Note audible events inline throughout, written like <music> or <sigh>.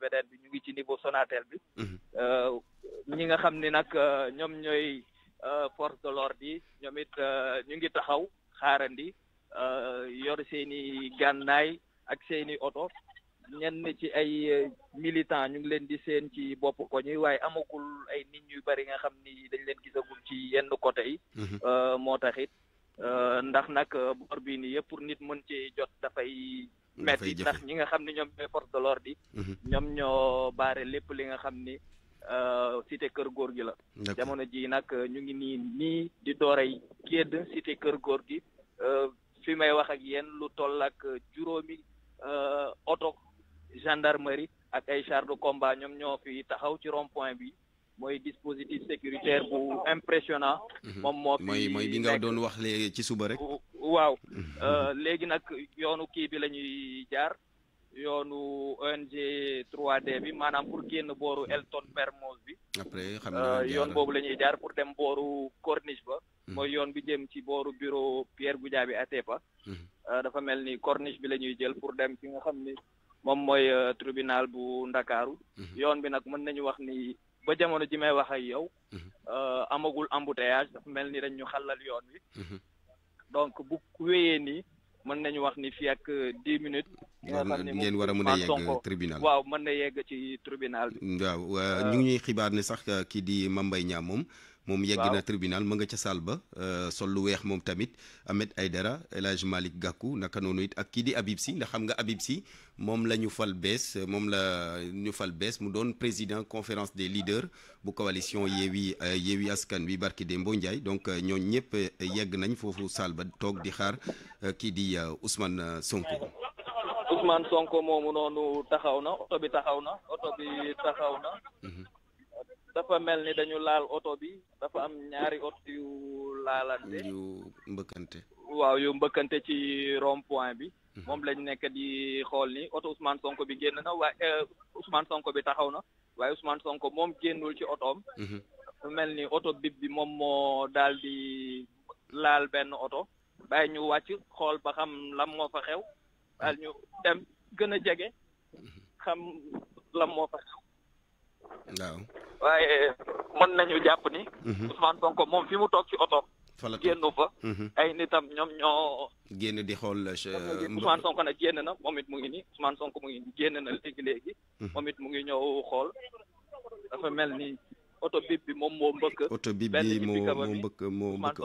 vedet bi ñu ngi ci niveau Sonatel bi mhm. euh, ñi nga xam ni nag euh, ñoom ñooy euh, force de l'ordre yi ñoom it ñu ngi taxaw xaarandi yor seeni i gànnaay ak seeni i oto ñenn ci ay militant ñu ngi leen di seen ci bopp ko ñuy waaye amagul ay nit ñu bari nga xam ni dañ leen gisagul ci yenn côté yi mhm. moo taxit ndax nag bor bi ni yëpp pour nit mën ci jot dafay metti ndax ñi nga xam ne ñoom ñooy force de l'ordre mhm. ñoom ñoo baare lépp li nga xam ni euh, cité kër góor gi la jamono ji nag euh, ñu ngi nii nii di dooray gédd cité kër góor gi euh, fi may wax ak yéen lu tol ak juróomi oto gendarmerie ak ay char de combat ñoom ñoo fi taxaw ci rond point bi mooy dispositif sécuritaire bu impressionnant. Mhm. moom moo fi mooy mooy bi nga doon wax léegi ci suba rek. waaw mhm. euh, léegi nag yoonu kii bi la ñuy jaar yoonu ONG 3D bi maanaam pour génn booru Elton Mermoz bi. après xam euh, yoon boobu la ñuy jaar pour dem booru corniche ba. Mhm. mooy yoon bi jëm ci booru bureau Pierre bi Atepa. Euh, dafa mel ni corniche bi la ñuy jël pour dem fi nga xam ni moom mooy tribinal bu Ndakaaru. yoon bi nag mën nañu wax ni. ba jamono ji may wax ak yow. Mhm. Euh, amagul embouteillage mel ni dañ ñu xalal yoon wi. Mhm. donc bu ku wéyee nii mën nañu wax ni fii ak euh, dix minutes. nga xam ne ngeen war a mën a yegg tribunal waaw mën na yegg ci tribunal waaw euh, ñu ngi ñuy xibaar ne sax kii di Mame Mbaye moom. mom yegg na tribunal ma nga ca salle ba euh, Ahmed Aydara elage Malik Gakou naka ak Habib Sy ndax xam nga Habib la fal la ñu fal président conférence des leaders bu coalition Yewi euh, Yewi Askan Wi barki Dembo donc euh, ñep yegg nañ fofu salle ba tok di xaar Ousmane Sonko. Ousmane Sonko bi dafa mel ni dañu laal oto bi dafa am ñaari oto yu laalante yu mbëkkante waaw yu mbëkkante ci rompoint bi mhm. moom lañ nekk di xool ni oto Ousmane Sonko bi génn na waaye eh, Ousmane Sonko bi taxaw na waaye Ousmane Sonko moom génnul ci otoom mhm. mel ni oto bib bi moom moo daal di laal benn oto bàyyi ñu wàcc xool ba xam lan moo fa xew daal ñu dem gën a jege mhm. xam lan moo fa xew waaw waaye mën nañu jàpp ni. Mhm. Ousmane Sonko moom fi mu toog ci oto. fa la génn fa. Mhm. ay nitam ñoom ñoo. génn di xool euh, sa. Ousmane Sonko nag génn na moom mu ngi nii Ousmane Sonko mu ngi génn na léegi léegi. Mhm. moom mu ngi ñëw xool dafa mel ni. oto bib bi moo mbëkk. oto bi moo mbëkk moo mbëkk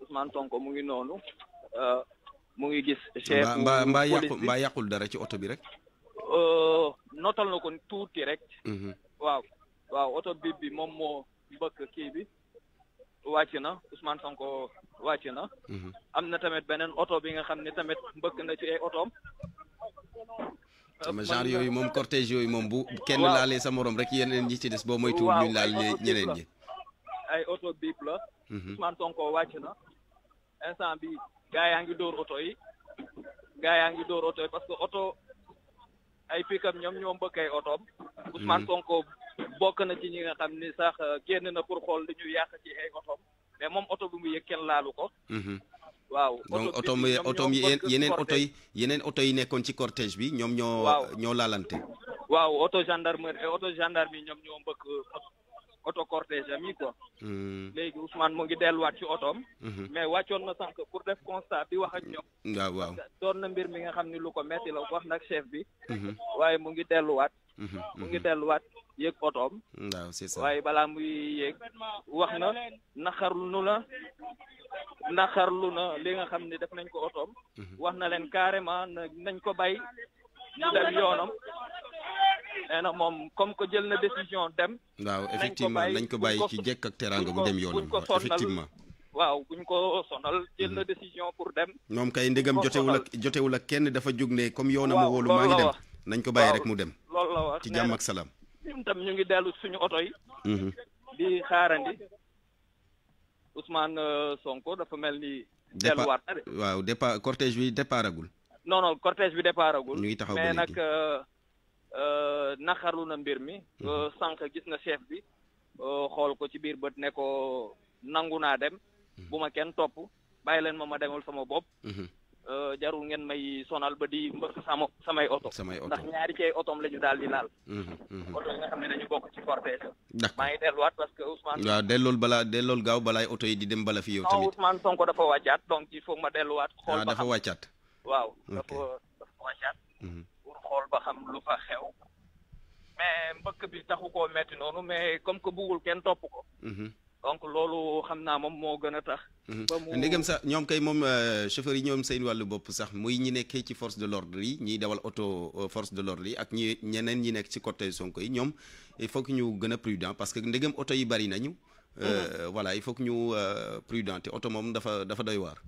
Ousmane Sonko mu ngi noonu mu ngi noonu mu ngi gis. chef mbaa mbaa yàqul dara ci oto bi rek. Euh, notal na ko tuuti rek. Mhm. waaw waaw oto bi bi moom moo mbëkk kii bi wàcc na Ousmane Sonko wàcc na. Mhm. am na tamit beneen oto bi nga xam ne tamit mbëkk na ci ay otoom. sama genre yooyu moom cortège yooyu moom bu kenn laalee sa moroom rek yeneen ñi ci des boo moytuwul ñu laal ñeneen ñi. ay oto biib la. Mhm. Ousmane Sonko wàcc na instant bi gaa yaa ngi dóor oto yi gaa yaa ngi dóor oto yi parce que oto. ay pikam ñoom ñoo mbëkk ay otoom. Hmm. Ousmane Sonko bokk na ci ñi nga xam ni sax euh, génn na pour xool li yàq ci ay otoom mais moom oto bi mu yëg kenn laalu ko. Hmm. waaw donc oto yi oto yeneen oto yi yeneen oto yi nekkoon ci cortège bi ñoom ñoo. laalante. waaw oto gendarmerie oto gendarme yi ñoom ñoo mbëkk. auto cortège am yi hmm. léegi Ousmane mu ngi delluwaat ci otoom. Hmm. mais wàccoon na sànq pour def constat bi wax añ ñoom. Hmm, waaw waaw doon na mbir mi nga xam ni lu ko metti la wax nag chef bi. waaye mu ngi delluwaat. mu ngi delluwaat yéeg otoom. waaw c'est ça waaye balaa muy yéeg wax na naxarlu nu la naxarlu na li nga xam ni def nañ ko otoom. wax na leen carrément nañ ko bay. mu nee moom comme que jël na décision dem. waaw effectivement nañ ko bàyyi ci jekk ak teraanga bu dem yoonam effectivement. waaw buñ ko sonal jël na mhm. décision pour dem. moom kay ndegam jotewul ak jotewul ak kenn dafa jóg ne comme yow a ma wóolu maa ngi dem nañ ko bàyyi rek mu dem. loolu la ci jàmm ak salaam. ñun tamit ñu ngi dellu suñu oto yi. Mhm. di xaarandi Ousmane euh, Sonko dafa mel ni. delluwaat waaw départ cortège bi départagul. non non bi départagul. ñu ngi taxaw ba léegi nag. Euh, Euh, naqarlu na mbir mi mhm. euh, sank gis na chef bi euh, xol ko ci bir bët ne ko nanguna dem mhm. buma ken top topp bàyyi leen sama bop mhm. jarul ngeen may sonal ba di mbëkk sama sama auto ndax ñaari cey otom lañu dal di lal auto nga xamne dañu bok ci cortège ma ngi wat parce que Ousmane wa dellool bala dellool gaaw balaay auto yi di dem bala fi yow tamit Ousmane Sonko dafa wàccaat donc il faut ma wat xol ah, ba dafa wàccaat waaw dafa dafa xool ba xam lu fa xew mais mbëkk bi taxu koo metti noonu mais comme que bugul kenn topp ko mhm. donc loolu xam naa moom moo gën a tax mhm. ndegam sax ñoom kay moom euh, chauffeur yi ñoom seen wàllu bopp sax muy ñi nekkee ci force de l'ordre yi ñiy dawal auto euh, force de l'ordre yi ak ñi ñeneen ñi nekk ci côté Sonko yi ñoom il faut que ñu gën a prudent parce que ndegam auto yi bari nañu mhm. euh, voilà il faut que ñu prudent te oto moom dafa dafa doy waar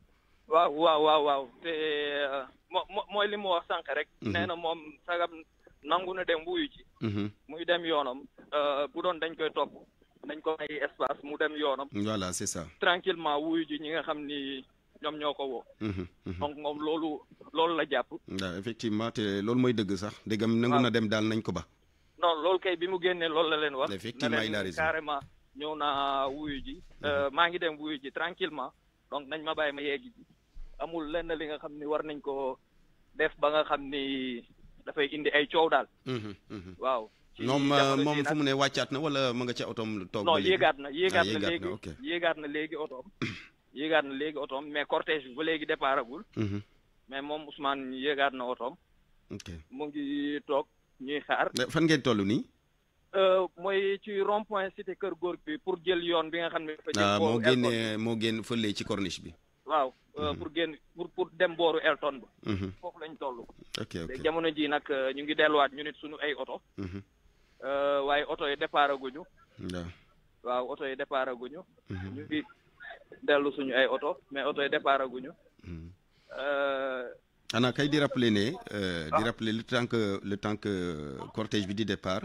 waaw waaw waaw waaw te eh, moo mooy li mu wax sànq rek. Mhm. nee na moom sagam nangu na dem wuyu ji. Mhm. muy dem yoonam eh, bu doon dañ koy top dañ ko may espace mu dem yoonam. voilà c'est ça. tranquillement wuyu ji ñi nga xam ni ñoom ñoo ko woo. Mhm, donc moom loolu loolu la jàpp. waaw effectivement te loolu mooy dëgg sax dëggam nangu na dem daal nañ ko ba. non loolu kay bi mu génnee loolu la leen wax. effectivement il a raison carrément ñëw naa wuyu ji. Eh, maa ngi dem wuyu ji tranquillement donc nañ ma bàyyi ma yegg amul lenn li nga xam ni war nañ ko def ba nga xam ni dafay indi ay coow daal. Mhm, mhm. waaw. moom euh, moom fu mu ne wàccaat na wala ma nga ca otoom toog. non yéegaat na yéegaat ah, na léegi yéegaat na léegi otoom. <clears throat> yéegaat na léegi otoom mais cortège bi ba léegi départ mhm. mais moom Ousmane yéegaat na otoom. ok mu ngi toog ñuy xaar. fan ngeen toll nii. Euh, mooy ci rond point te kër góor bi pour jël yoon bi nga xam ne. dafa jël ah, moo génnee moo génn fële ci corniche bi. waaw. Euh, mhm. pour génn pour pour dem booru Elton ba. Mhm. foofu lañ toll. ok ok jamono ji nag euh, ñu ngi delluwaat ñu nit suñu ay oto. Mhm. Euh, waaye oto yi départ guñu. waaw oto yi départ guñu. ñu ngi dellu suñu ay oto mais oto yi départ guñu. ana kay di rappeler ne. di ah. rappeler le temps que le temps que cortège bi di départ.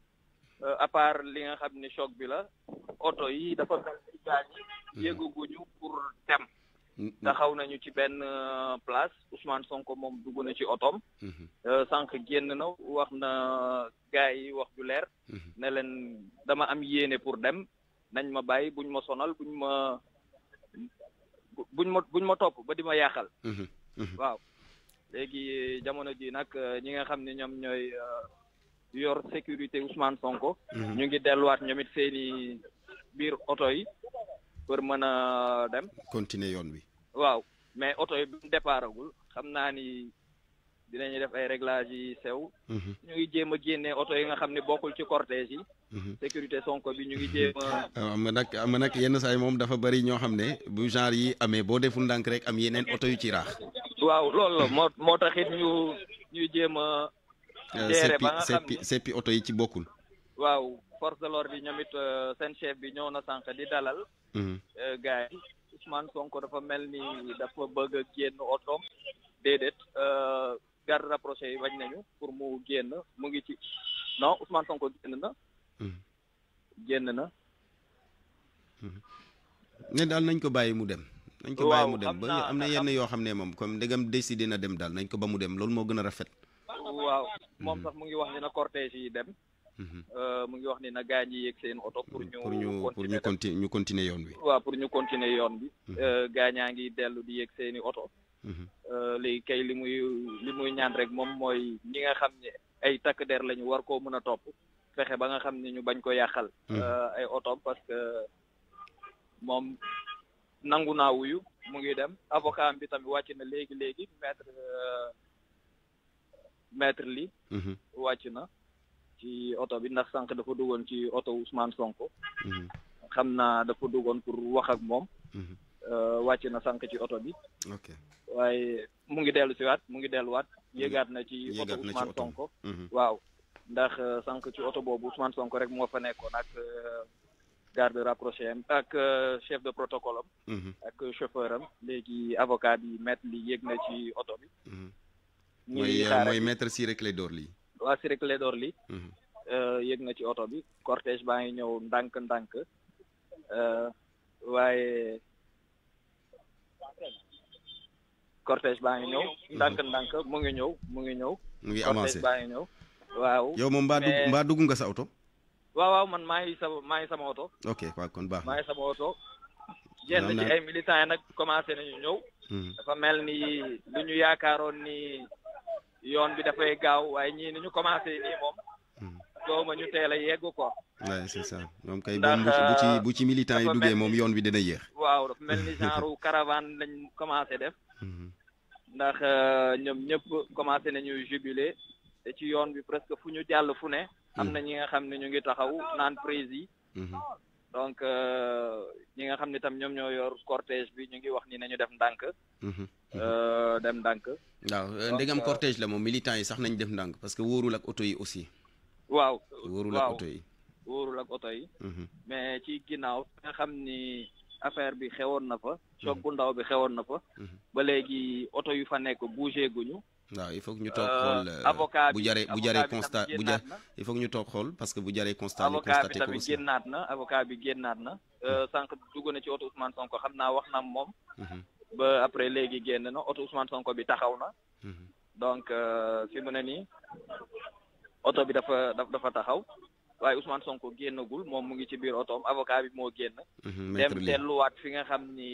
Euh, à part li nga xam ne choc bi la oto yi dafa mel ni gaañ yi mhm. yéeguguñu pour dem mm-hmm. taxaw nañu ci benn euh, place Ousmane sonk moom dugg na ci otoom mm-hmm. euh, sànq génn na wax na gars yi wax ju leer mm-hmm. ne leen dama am yéene pour dem nañ ma bàyyi buñ ma sonal buñ ma buñ ma buñ ma topp ba di ma yàqal waaw léegi jamono ji nag ñi nga xam ne ñoom ñooy yor sécurité Ousmane Sonko. Mhm. ñu ngi delluwaat ñoom it seen i biir oto yi pour mën a dem. continuer yoon wi. waaw mais oto yi bu mu départagul xam naa ni dinañu def ay réglages yi sew. Mhm. ñu ngi jéem a génne oto yi nga xam ne bokkul ci cortège yi. Mhm. sécurité Sonko bi ñu ngi jéem <laughs> ah, am nag am nag yenn saa yi moom dafa bëri ñoo xam ne bu genre yi amee boo deful ndànk rek am yeneen oto yu ci raax. waaw loolu la moo moo taxit ñu ñu jéem teere euh, ba nga xam ne seppi oto yi ci bokkul waaw force de l'ordre yi ñoom it euh, seen chef bi ñëw na sànq di dalal mhm. euh, gars yi Ousmane Sonko dafa mel ni dafa bëgg a génn otoom déedéet garde rapproché yi bañ nañu pour mu génn mu ngi ci non Ousmane Sonko génn na mhm. génn na mhm. ne daal nañ ko bàyyi mu dem nañ ko bàyyi mu dem ba am na yenn yoo xam ne moom comme ndegam décidé na dem daal nañ ko ba mu dem loolu moo gën a rafet waaw hmm. moom sax mu ngi wax ni na cortège yi dem hmm. euh, mu ngi wax ni na gaañ yi yëg seen oto pour ñu pour ñu pour ñu continuer ñu continuer yoon bi waaw pour ñu continuer yoon bi hmm. euh, gaañaa ngi dellu di yëg seeni oto euh, léegi kay li muy li muy ñaan rek moom mooy ñi nga xam ne ay takk der lañu war koo mën a topp fexe ba nga xam ne ñu bañ ko yàqal ay oto parce que moom nangu naa wuyu mu ngi dem avocat bi tamit wàcc na léegi léegi maître maître li mhm. wàcc na ci oto bi ndax sànq dafa duggoon ci oto Ousmane Sonko mhm. xam naa dafa duggoon pour wax ak moom mhm. euh, wàcc na sànq ci oto bi waaye mu ngi dellu si waat mu ngi delluwaat yéegaat na ci oto Ousmane Sonko waaw ndax euh, sànq ci oto boobu Ousmane Sonko rek moo fa nekkoon ak euh, garde rapproché am ak chef de protocole am ak chauffeur am léegi avocat bi maître li yéeg na ci oto bi mooy euh, mooy maître Siré Clédor li si Siré Clédor li mhm. euh, yëg na ci oto bi cortège baa ngi ñëw ndànk ndànk euh, waaye cortège baa ngi ñëw mhm. ndànk ndànk mu ngi ñëw mu ngi ñëw mu ngi avancé ngi waaw yow nga sa auto waaw waaw man maa sa sama maa ngi sama auto ok waaw kon baax maa ngi sama auto ci ay militants yi commencé nañu ñëw hmm. dafa mel ni lu ñu yaakaaroon ni yoon bi dafay gaaw waaye ñii ni ñu commencé nii moom. Hmm. doo ma ñu teel a yegg ko. waaw c'est ça moom kay. bu ci bu ci euh, yi duggee moom yoon bi dina yéex. <laughs> waaw dafa mel ni hmm. genre caravane lañ commencé def. Hmm. ndax euh, ñoom ñëpp commencé nañu jubilé te ci yoon bi presque fu ñu jàll fu ne. am na ñi nga xam ne ñu ngi taxaw naan prise donc euh, ñi nga xam ne tam ñoom ñoo yor cortège bi ñu ngi wax ni nañu def ndànk. Mhm. Euh, dem ndànk. waaw euh, ndegam cortège la moom militant yi sax nañ def ndànk parce que wóorul ak oto yi aussi. waaw wóorul ak oto yi. wóorul ak oto yi. Mhm. mais ci ginnaaw nga xam ni affaire bi xewoon na fa. choc mhm. bu ndaw bi xewoon na fa. ba léegi oto yu fa nekk bougé guñu. waaw il faut que ñu toog xool euh, euh, bu jaree bu jaree constat bu jar il faut que ñu toog xool parce que bu jaree constat ñu constaté ko aussi génnaat na avocat bi génnaat na euh, hmm. sànq dugg na ci oto Ousmane Sonko xam naa wax na moom hmm. ba après léegi génn na oto Ousmane Sonko bi taxaw na hmm. donc fi mu ne nii oto bi dafa dafa taxaw waaye Ousmane Sonko génnagul moom mu ngi ci biir otoom avocat bi moo génn dem delluwaat fi nga xam ni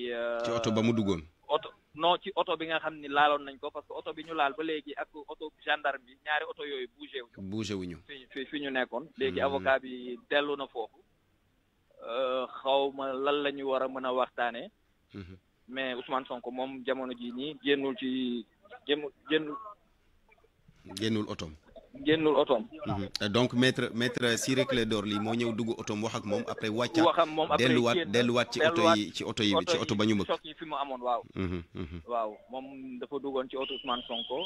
ci oto ba mu duggoon oto non ci oto bi nga xam ni laaloon nañ ko parce que oto bi ñu laal ba léegi ak oto gendarme bi ñaari oto yooyu bougé wu bougé wuñu fi fi ñu nekkoon hmm. léegi avocat bi dellu na foofu euh, xaw ma lan la ñu war a mën a waxtaanee hmm. mais Ousmane sonk moom jamono ji nii génnul ci génnul génnul génnul otom génnul otoom. Mhm. donc maître maître Ciré Clédor Ly moo ñëw dugg otoom wax ak moom après. waxam moom après delluwaat delluwaat ci oto yi ci oto yi ci ba ñu bëgg. fi mu amoon waaw. Mhm, mhm. waaw moom dafa duggoon ci oto Ousmane Sonko.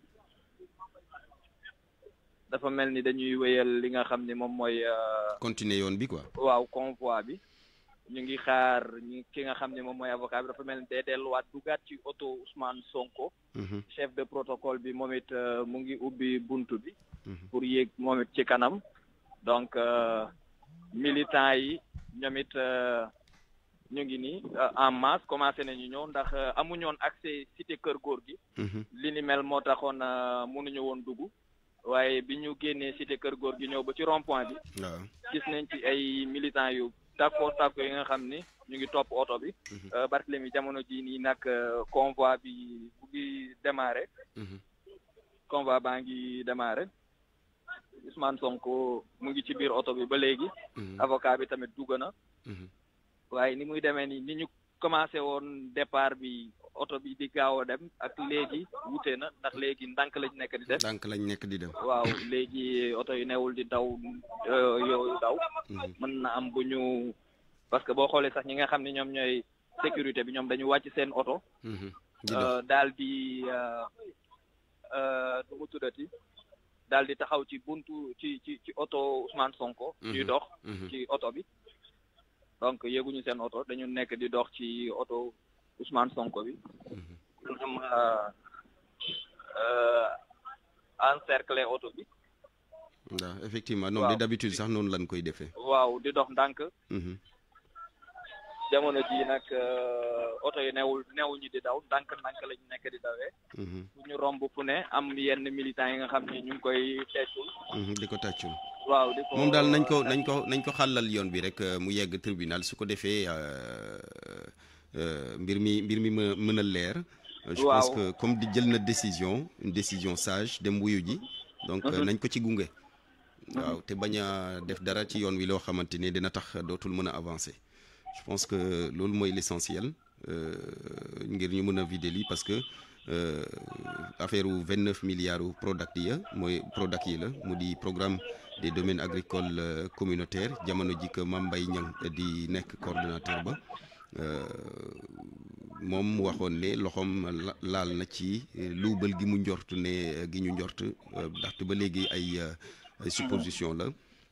dafa mel ni dañuy wéyal li nga xam ni moom mooy. Euh, continuer yoon bi quoi. waaw convoi bi ñu ngi xaar ñi ki nga xam ne moom avocat bi dafa mel ni day delluwaat dugaat ci oto Ousmane Sonko. Mhm. chef de protocole bi moom it euh, mu ngi ubbi buntu bi. Mhm. pour yéeg moom it ci kanam donc euh, militant yi ñoom it ñu ngi nii en masse commencé nañu ñëw ndax amuñoon accès cité kër góor gi. Mhm. li ni mel moo taxoon mënuñu woon dugg. waaye bi ñu génnee cité kër góor gi ñëw ba ci rond bi. gis nañ ci ay militants yu tàkkoo tàkkoo yi nga xam ni ñu ngi topp oto bi. Mhm. Euh, Barthélemy jamono jii nii nag euh, convoi bi bu ngi démarré. Mhm. convoi baa ngi démarré Ousmane Sonko mu ngi ci biir oto bi ba léegi. Mhm. avocat bi tamit dugg na. waaye ni muy demee ni ni ñu commencé woon départ bi oto bi di gaaw a dem ak léegi wute na ndax léegi ndànk lañ nekk di def. ndànk lañ nekk di dem. waaw léegi oto yu newul di daw euh, yooyu daw. Mhm. mën na am bu ñu parce que boo xoolee sax ñi nga xam ne ñoom ñooy sécurité bi ñoom dañu wàcc seen oto. Mhm. Euh, daal di euh, nu mu di taxaw ci buntu ci ci ci oto Ousmane Sonko. ñuy mhm. dox ci oto bi. donc yéeguñu seen oto dañu nekk di dox ci oto Ousmane Sonko bi. ñoom euh, encercler oto bi. waaw effectivement noonu d'habitude sax noonu lañ koy defee. waaw di dox ndànk. Mhm. jamono ji nag euh, oto yi newul newuñu di daw ndànk ndànk lañu nekk di dawee. bu mhm. ñu romb fu ne am yenn militants yi nga xam ni ñu ngi koy teccul. Mhm, di ko teccul. waaw di ko moom daal nañ ko nañ ko nañ ko xàllal yoon bi rek euh, mu yegg tribunal su ko defee euh, euh, mbir mi mbir mi mën mën a leer. je pense que comme di jël na décision une décision sage dem wuyu ji. donc mhm. nañ ko ci gunge. Mhm. waaw te bañ a def dara ci yoon wi loo xamante ni dina tax dootul mën a avancer. je pense que loolu mooy l'essentiel ngir ñu mën a vider parce que. affaire wu 29 milliards u Prodac yi mooy yi la mu di programme des domaines agricoles euh, communautaires jamono ji Mambay Mame di nekk coordonnateur ba euh, mom waxone ne loxom laal na ci loubal gi mu njort ne euh, gi ñu njort ba léegi ay supposition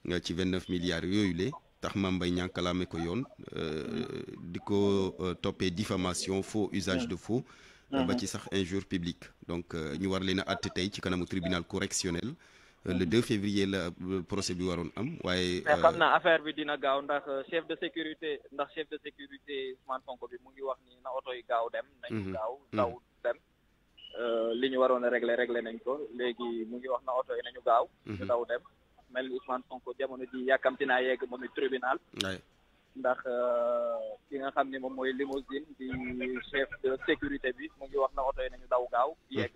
la ci 29 milliards yooyu le tax Mambay Mbaye Niang ko yoon diffamation faux usage de faux ba ci sax injure publique donc ñu war leen a àtte tey ci kanamu tribunal correctionnel Euh, le 2 février la euh, procès bi waroon am waaye. mais euh, xam naa affaire bi dina gaaw ndax chef de sécurité ndax chef de sécurité Ousmane Sonko bi mu ngi wax ni na oto yi gaaw dem. nañu mhm. gaaw daw mhm. dem. li ñu waroon a régler régler nañ ko léegi mu ngi wax na oto yi nañu gaaw. Mhm. ñu daw dem mel ni Ousmane Sonko jamono ji yàkkamti naa yegg moom it tribunal. ndax ki nga xam ne moom mooy limousine di chef de sécurité bi mu ngi wax na oto yi nañu daw gaaw yegg.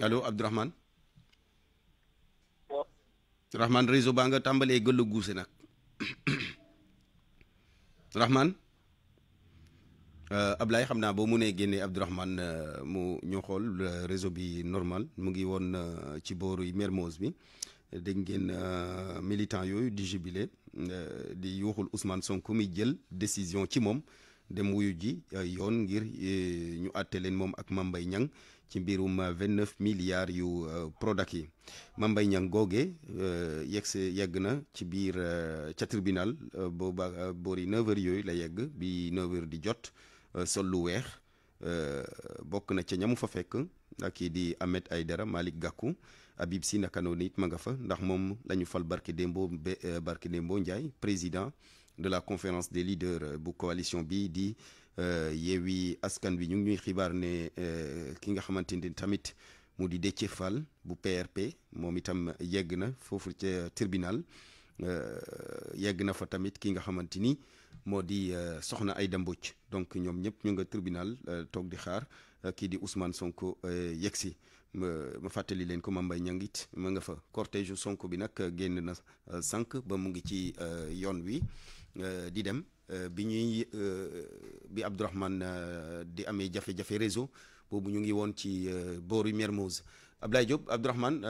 allo Abdourahmane Rahman réseau baa nga tàmbalee gëllu guuse nag Rahman euh, Ablaye xam naa boo mënee génnee Abdourahman euh, mu ñu xool euh, réseau bi normal mu ngi woon ci booru Mermoz bi dégg ngeen militant yooyu di jubilé di yuuxul Ousmane Sonko mi jël décision ci moom dem wuyu ji euh, yoon ngir euh, ñu àtte leen moom ak Mame Mbaye Niang ci mbirum vingt neuf milliards yu euh, Prodac yi Mame Mbaye Niang googe yegg yegg na ci biir ca tribunal booba boori neuf heures yooyu la yegg bi neuf di jot sol lu weex bokk na ca ñamu fa fekk ak ah, kii di Ahmed Aïdara Malick gàkku Habib Sy naka noonu it ma nga fa ndax moom la fal barki démbo barki démbo Ndiaye président de la conférence des leaders euh, bu coalition bi di euh, yewi Askan bi ñu ngi xibar xibaar ne euh, ki nga xamanteni tamit mu di Déthié Fall bu PRP moom itam yegg na foofu tribunal yegg na fa tamit ki nga xamante modi Soxna ay Mbodj donc ñom ñep ñu nga tribunal tok di xaar ki di Ousmane Sonko yexi ma fàttali len ko Mame Mbaye Niang ma nga fa cortège Sonko bi nak genn na sank ba mu ngi ci yoon wi. Euh, di dem euh, bi ñuy euh, bi Abdourahmane di amee jafe-jafe réseau boobu ñu ngi woon ci booru Mermoz Ablaye Diop Abdourahmane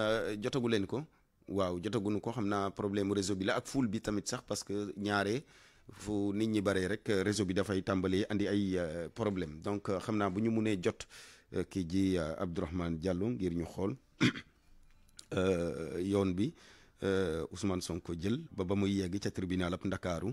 jotagu leen ko waaw jotaguñu ko xam naa problème réseau bi la ak ful bi tamit sax parce que ñaare fu nit ñi bare rek réseau bi dafay tàmbalee andi ay problème donc xam naa bu ñu mënee jot kii ji Abdourahmane Diallo ngir ñu xool <coughs> yoon bi Ousmane Sonko jël ba ba muy yegg ca tribunal ab Ndakaaru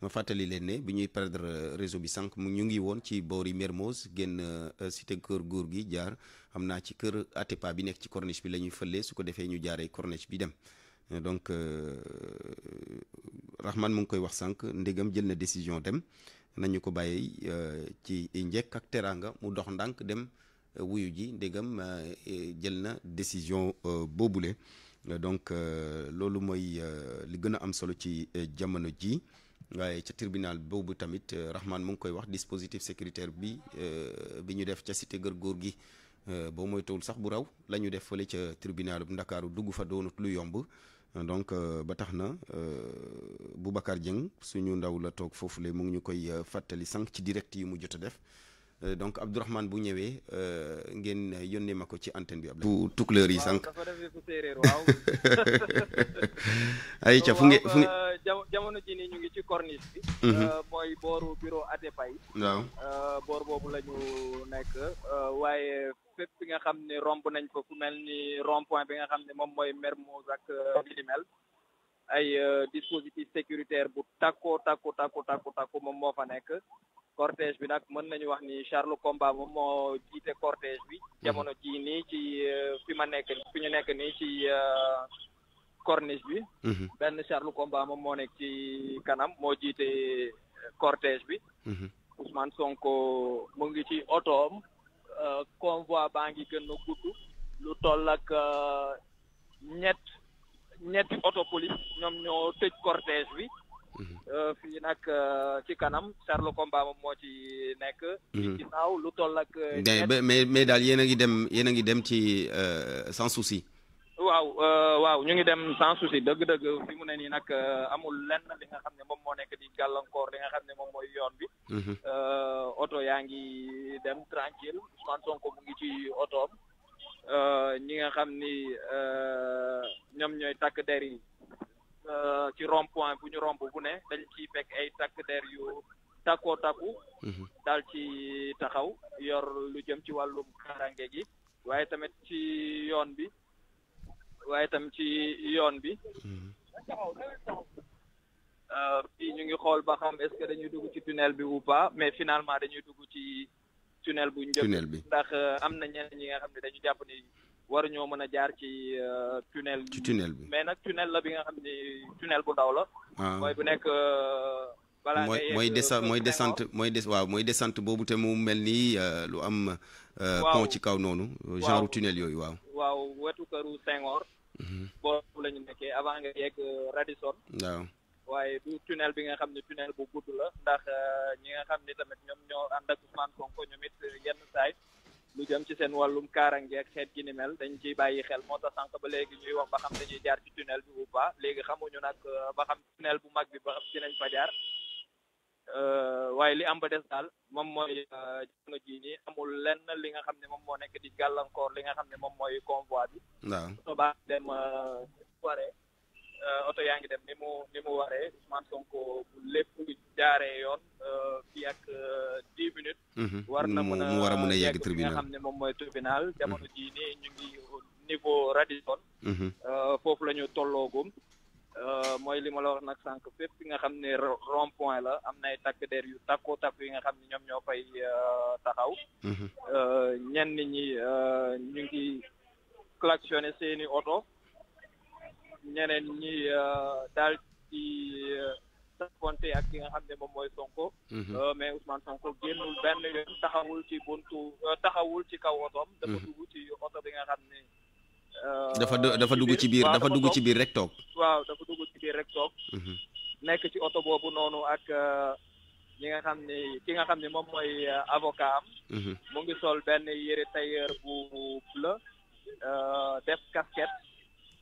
ma fàttali leen bi ñuy perdre euh, réseau bi sànq mu ñu ngi woon ci boori Mermoz génn euh, cité kër góor gi jaar xam naa ci kër Atepa bi nekk ci corniche bi la ñuy su ko ñu corniche bi dem euh, donc Rahman mu ngi koy wax sànq ndegam jël na décision dem nañu ko bàyyee ci njëkk ak teraanga mu dox ndànk dem wuyu ji ndegam jël na décision bobulé donc loolu mooy li gën am solo ci ji waaye ca tribunal boobu tamit euh, Rahman mu ngi koy wax dispositif sécuritaire bi euh, bi ñu def ca cité kër góor gi euh, boo moytuwul sax bu raw la ñu def fële ca tribunal bu Ndakaaru dugg fa doonut lu yomb donc ba tax na Boubacar Dieng suñu ndaw la toog foofu foofule mu ngi ñu koy fàttali sànq ci direct yi mu jot a def. Euh, donc Abdourahmane bu ñëwee euh, ngeen yónnee ma ko ci antenne bi ab bu tukleer yi sànq ay ca <laughs> fu nge euh, fu nge jamono ji ni ñu ngi ci corniche bi mhm. mooy booru bureau Atepaï waaw boor boobu la nekk waaye fépp bi nga xam ne romb nañ ko ku mel ni rond bi nga xam ne moom mooy Mermoz ak Dilimel ay dispositif sécuritaire bu takko takko takko takko takko moom moo fa nekk cortège bi nak mën nañu wax ni Charles Comba mo mo jiite cortège bi mhm. jamono ji ni ci euh, fi ma nek fi ñu nek ni ci euh, corniche bi mhm. ben Charles Comba moom mo nek ci kanam mo jité euh, cortège bi mhm. Ousmane Sonko mo ngi ci otoom convoi ba ngi gën gudd lu toll ak ñet ñet auto police ñom ñoo tej cortège bi Euh, fii nag euh, ci kanam Charles Komba moom moo ci nekk. ci mhm. ginnaaw lu toll ak. Euh, mais mais daal yéen a ngi dem yéen a ngi dem ci sans souci. waaw waaw ñu ngi dem sans souci dëgg-dëgg fi mu ne nii nag amul lenn li nga xam ne moom moo nekk di gàllankoor li nga xam ne moom mooy yoon bi. Mhm. oto yaa ngi dem tranquille Ousmane Sonko mu ngi ci otoom ñi nga xam ni ñoom ñooy takk der Euh, ci rond bu ñu romb bu ne dañ ci fekk ay takk der yu takkoo takku mhm. daal ci taxaw yor lu jëm ci wàllum karange gi waaye tamit ci yoon bi waaye tamit ci yoon bi mhm. euh, fii ñu ngi xool ba xam est-ce que dañuy dugg ci tunnel bi ou pas mais finalement dañuy dugg ci tunnel bu njëkk tunnel bi ndax euh, am na ñeneen ñi nga xam ne dañu jàpp ni war ñoo mën a jaar ci euh, tunnel. ci tunnel bi mais nag tunnel la bi nga xam ni tunnel bu ndaw la. Ah. mooy bu nekk. Euh, balaa mooy mooy desa mooy desante mooy des mooy descente boobu te mu mel nii euh, lu am. pont ci kaw noonu. genre tunnel yooyu waaw. waaw wetu këru Senghor. Mhm. boobu la ñu nekkee avant nga yegg Radisson. waaw. waaye du tunnel bi nga xam ne tunnel bu gudd la ndax ñi nga xam ni tamit ñoom ñoo ànd ak Ousmane Sonko ñoom it yenn saay. lu jëm ci seen wàllum kaarange ak xeet gi ni mel dañu ciy bàyyi xel moo tax sànq ba léegi ñuy wax ba xam dañuy jaar ci tunnel bi ou pas léegi xamuñu nag euh, ba xam tunnel bu mag bi ba xam dinañ fa jaar euh, waaye li am ba des daal moom mooy euh, jamono jii nii amul lenn li nga xam ne moom moo nekk di gàllankoor li nga xam ne moom mooy convoi bi. waaw Euh, oto yaa ngi dem ni mu ni mu waree Ousmane Sonko bu lépp jaaree yoon euh, fii ak euh, dix minutes. Mhm. war na mën a war a mën a yegg tribunal nga xam ne moom mooy tribunal. Mhm. jamono jii nii ñu ngi niveau Radisson. Mhm. foofu la ñu tolloogum. mooy li ma la wax nag sànq fépp fi nga xam ne rond point la am nay takk der yu takku takku yi nga xam ne ñoom ñoo fay taxaw. ñenn ñi ñu ngi klaxonné seeni oto. ñeneen eh, ñi daal ci sàkkonte eh, ak ki nga xam ne moom mooy Sonko. Mhm. Euh, mais Ousmane Sonko génnul benn yoon taxawul ci buntu euh, taxawul ci kaw otoom. Mhm. dafa dugg ci oto bi nga xam ne. Euh, dafa dafa dugg ci biir dafa dugg ci biir rek toog. waaw dafa dugg ci biir rek toog. Mhm. nekk ci oto boobu noonu ak ñi nga xam ki nga xam ne moom avocat am. mu ngi sol benn yére tailleur bu bleu def casquette.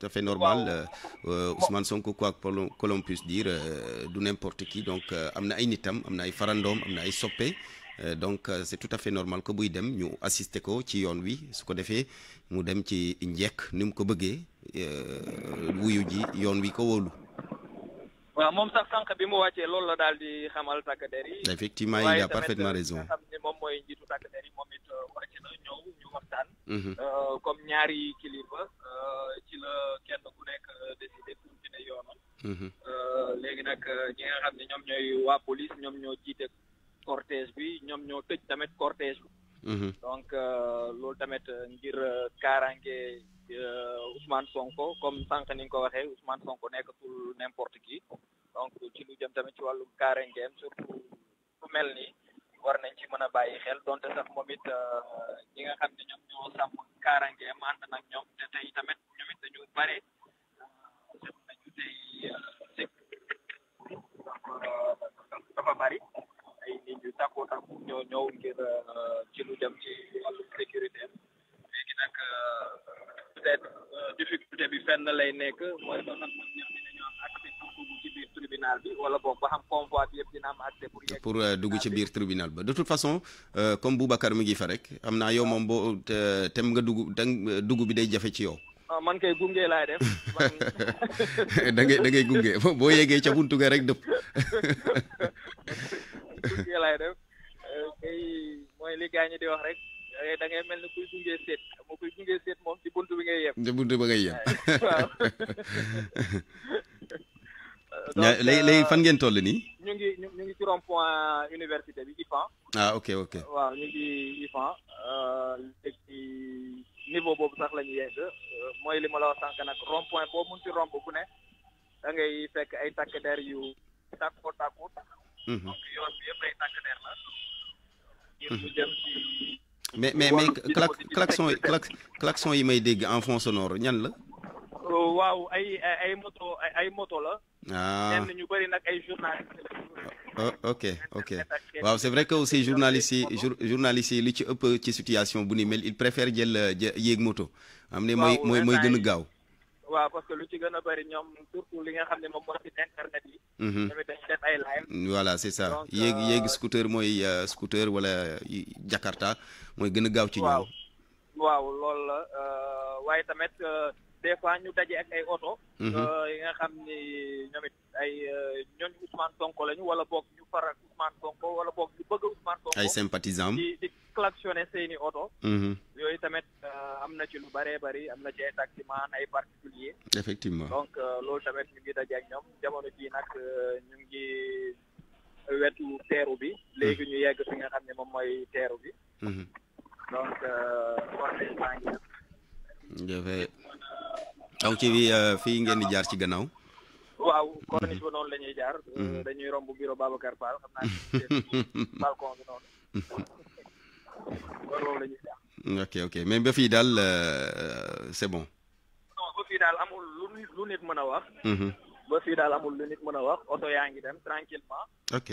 tout à fait normal euh, euh, Ousmane Sonko quoi que l'on puisse dire euh, du n'importe qui donc amna ay nitam amna ay farandom amna ay soppé donc c'est tout à fait normal que buy dem ñu assister ko ci yoon wi su ko défé mu dem ci njekk nim mu ko bëggee wuyu ji yoon wi ko wolu waaw moom sax sànq bi mu wàccee loolu la daal di xamal takk der yi. effectivement il a parfaitement euh, raison waaye tamit nga xam ne moom mooy njiitu takk der yi moom it euh, wàcc na ñëw ñu waxtaan. Mhm. Euh, comme ñaari kilifa ci la kenn ku nekk décidé pour continuer yoonam. Mhm. léegi nag ñi nga xam ne ñoom ñooy waa police ñoom ñoo jiite cortège bi ñoom ñoo tëj tamit cortège bi. Mm-hmm. donc euh, loolu tamit euh, ngir euh, kaaraange Ousmane Sonko comme sànq ni nga ko waxee Ousmane Sonko nekkatul n'importe qui donc ci lu jëm tamit ci wàllu kaaraangeem surtout lu mel ni war nañ ci mën a bàyyi xel donte sax moom it ñi nga xam ne ñoom ñoo sàmm kaaraangeem ànd ñoom te tey tamit ñoom it bare dafa bari. ay nit ñu tàkkoo tàkku dugg ci biir ba xam euh, de toute façon euh, comme Boubacar mi ngi fa rek am naa yow moom boo tem nga dugg da dugg bi day jafe ci yow ah, man kay gunge laay def <laughs> da ngay gunge boo yeggee ca buntu ga rek dëpp <laughs> gunge laay def kay mooy li gaañu di wax rek da ngay mel ni kuy gunge seet moo kuy gunge seet moom ci buntu bi ngay yem. ci buntu bi ngay yem. waaw. léegi fan ngeen toll nii. ñu ngi ñu ngi ci rond point université bi IFAN. ah ok ok. waaw ñu ngi IFAN léegi eh, niveau boobu sax la ñu ya, yegg eh, mooy li ma la wax sànq nag rond point boo mun ci romb ya. ku ne da ngay fekk ay takk der yu tàkkoo tàkku mais mais mais klaxon klaxon may en fond sonore ñan la. Oh, waaw ay ay moto ay moto la. ah ñu ok ok c'est vrai que aussi journalistes journalistes li ci ëpp ci situation mais mel il préfère jël moto. amné ne moy moy waaw parce que lu ci gën a bëri ñoom surtout li nga xam ne moom moo ci internet yi. Mhm. tamit dañuy ça yéeg euh, yéeg scooter mooy euh, scooter wala Jakarta mooy gën a gaaw ci ñoom. waaw loolu la euh, waaye tamit des fois ñu daje ak ay oto. Mhm. yi nga xam ni ñoom ay euh, ñooñ Ousmane Sonko lañu wala boog ñu far ak Ousmane wala boog ñu bëgg Ousmane Sonko. ay sympathisants di di seeni oto. Mm-hmm. yooyu tamit euh, am na ci lu bëree bëri am na ci ay taximan ay particulier effectivement donc euh, loolu tamit ñu ngi daje ak ñoom jamono jii nag ñu ngi wetu teeru bi. Mm-hmm. léegi ñu yegg fi nga xam ne moom mooy teeru bi. Mm-hmm. donc wax dëgg aw ci ngeen jaar ci gannaaw. waaw mhm. corniche ba noonu la ñuy jaar. Mhm. Euh, dañuy romb bureau Babacar Fall xam naa <laughs> ne bi noonu. loolu la ñuy jaar. mais ba fii daal euh, euh, c'est bon. ba fii daal amul lu nit mën a wax. Mhm. ba fii daal amul lu nit mën a wax oto yaa ngi dem tranquillement ok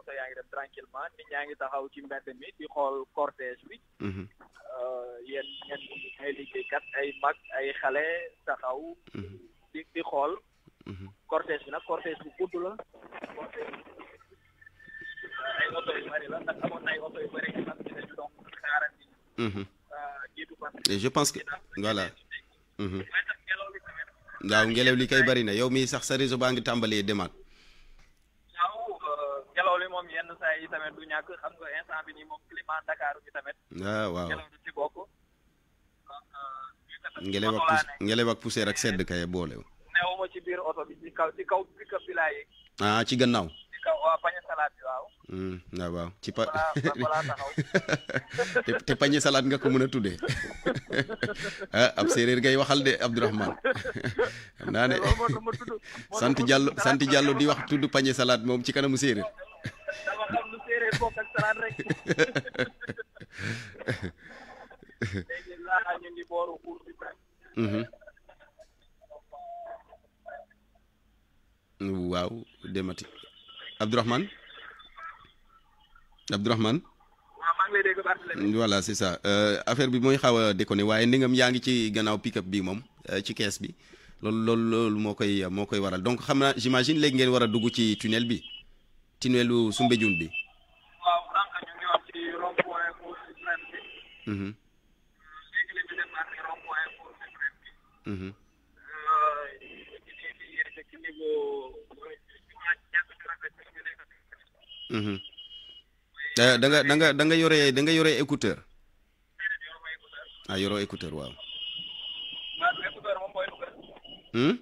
oto yaa ngi dem tranquillement nit ñaa ngi taxaw ci mbedd mi di xool cortège bi. yéen ñenn ay liggéeykat ay mag ay xale taxaw. di xool. cortège bi nag cortège bu gudd la ay oto yu bëri la ndax amoon ay oto yu donc xaarandi jiitu je pense que voilà waaw ngelaw li kay bëri na yow mii sax sa réseau baa ngi tàmbalee demaat ngelaw li moom yenn saa yi tamit du ñàkk xam nga instant bi nii moom climat Dakar bi tamit waaw ngelaw ak poussière ak sedd kay awma ci biir oto bi ci kaw ci kaw laa e. ah ci gannaaw ci kaw waaw pañe salaat bi waaw hmm na waaw ci pa te te pañe salaat nga ko mën a tuddee <laughs> ah ab séeréer ngay waxal de <laughs> naa ne <laughs> sant sant di wax tudd pañe salaat moom ci kanamu séeréer waaw demati Abdourahmane Abdourahmane voilà c'est ça euh, affaire bi mooy xaw a déconné waaye ndingam yaa ngi ci gannaaw pick-up bi moom euh, ci kees bi lool loolu moo koy moo koy waral donc xam naa j'imagine léegi ngeen war a dugg ci tunnel bi tunnelu Soumbédioune bi. Mhm. Da nga da nga da yore da nga yore écouteur. Ah yoro écouteur waaw. Hmm?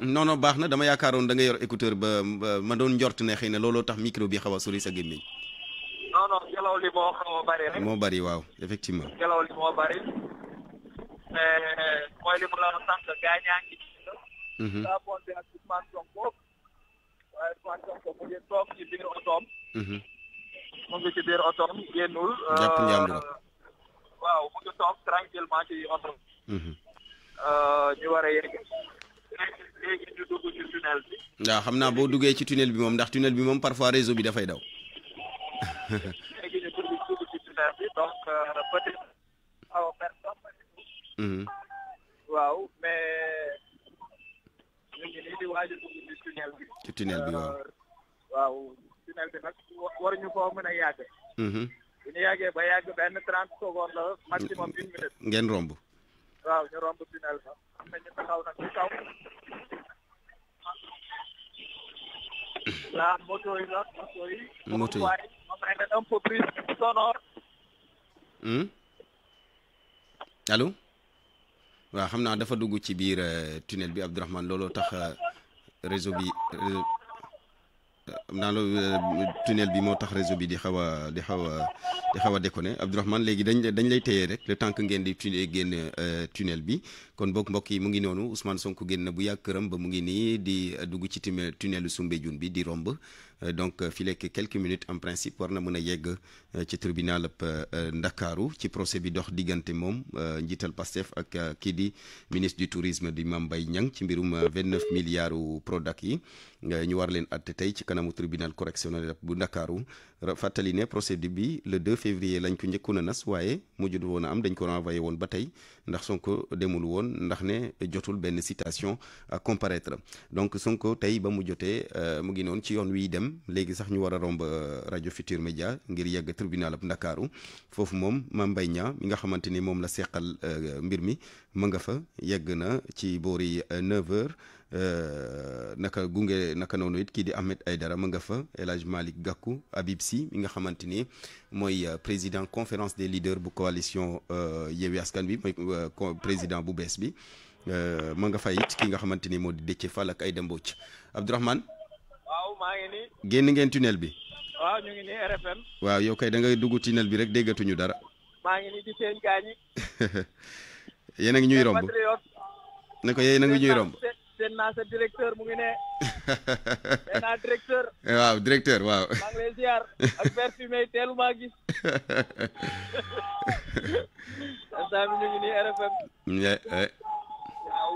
non <laughs> non baax dama da nga yor écouteur ba ma ne tax micro bi xawa souri sa gemmi non non bari rek. mooy li la wax mhm. mhm. mu ngi ci biir otoom. génnul. jàpp euh, njàmbur waaw mu ngi toog mhm. euh, xam naa boo duggee ci tunnel bi moom ndax tunnel bi moom parfois réseau bi dafay daw. <laughs> Mm-hmm. waaw mais ñu ngi nii di waaj a dugg ci tunnel bi. ci tunnel bi waaw. waaw tunnel bi nag waruñu koo mën a yàgg. Mm-hmm. bu ñu yàggee ba yàgg benn trente secondes la maximum une minute. ngeen romb. waaw ñu romb tunnel ba am na ñu taxaw nag ci kaw. la moto yi la moto yi. moto yi moom un peu plus sonore. allo. waa xam naa dafa dugg ci biir euh, tunnel bi Abdourahmane looloo tax euh, réseau bi xam naa loolu euh, tunnel bi moo tax réseau bi di xaw a di xaw a di xaw a déconné Abdourahmane léegi dañ dañ lay téye rek le temps que ngeen di génn tunnel bi kon boog mbokk yi mu ngi noonu Ousmane sonk génn bu yàgg këram ba mu ngi nii di dugg ci tunnel tunnelu Soumbédioune bi di romb euh, donc euh, fi lekk quelques minutes en principe war na mën a yegg euh, ci tribunal Ndakaaru ci procès bi dox diggante moom njiital Pastef ak kii di ministre tourisme di Mame Mbaye Niang ci mbirum 29 milliards Prodac yi ñu war leen àtte tey ci kanamu tribunal correctionnel bu Ndakaaru fàttali ne procédé bi le 2 février lañ ko njëkkoon a nas waaye mujjul woon a am dañ ko renvoyé woon ba tey ndax Sonko demul woon. ndax ne jotul benn citation comparaître donc Sonko tey ba mu jotee euh, mu ngi noonu ci yoon wiy dem léegi sax ñu war a romb euh, rajo Futur Média ngir yegg tribunal ab Ndakaaru foofu moom ma Mbaye Niang mi nga xamante ni moom la seqal euh, mbir mi Manga fa yegg na ci boori 9h euh, euh, naka gunge naka noonu it Ahmed Aydara Manga fa elaj malik gaku, Habib Sy mi nga xamante euh, président conférence des leaders bu coalition yewi Askan bi président bu bees bi fa it ki nga xamante ni moo di ak Abdourahmane ngi tunnel bi. ñu ngi RFM. waaw yow kay da ngay dugg tunnel bi rek déggatuñu dara. maa ngi di seen <laughs> yéen a ngi ñuy romb ne ko yéen a ngi ñuy romb. seen naa directeur mu ngi ne. <laughs> seen naa directeur. waaw directeur waaw. maa ngi lay ziar ak parfumé yi <laughs> bi ñu ngi nii RFM. waaw.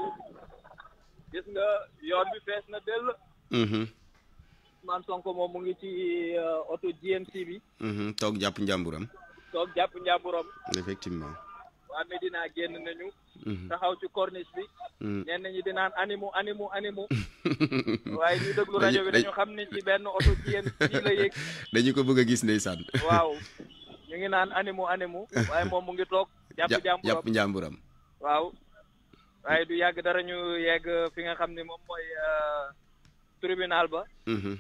gis nga yoon bi fees na dell. Mm-hmm. Ousmane Sonko moom mu ngi ci oto euh, GMC bi. Mm-hmm. toog jàpp njàmburam. toog jàpp njàmburam. effectivement. Medina génn nañu. Mhm. taxaw ci corniche bi. Mhm. ñi di naan animu animu animu. <laughs> waaye ñu déglu rajo bi dañu xam ne ci benn oto ci yéen fii la <laughs> dañu ko bëgg a gis ndeysaan. <laughs> waaw ñu ngi naan animu animu waaye moom mu ngi toog. jàpp jàmburam jàpp jàmburam. waaw waaye du yàgg dara ñu yegg fi nga xam moom mooy euh, tribunal ba. Mhm.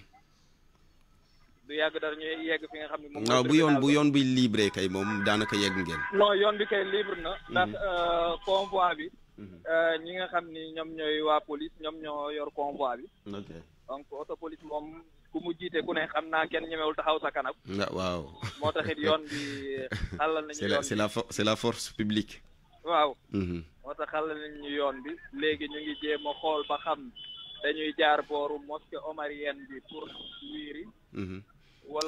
du yàgg dara ñu yegg fi nga xam ne moom non bu yoon bu yoon bi libre kay moom daanaka yegg ngeen non yoon bi kay libre na mhm. ndax euh, convoi bi mhm. euh, ñi nga xam ni ñoom ñooy waa police ñoom ñoo yor convoi bi donc oto police moom ku mu jiite ku ne xam naa kenn ñemewul taxaw sa kanam ah, waaw moo taxit yoon bi <laughs> xàllal nañu yoon bi c'est la c'est la force publique waaw mhm. moo tax xàllal nañu yoon bi léegi ñu ngi jéem a xool ba xam dañuy jaar booru mosquée omarienne bi pour wiiri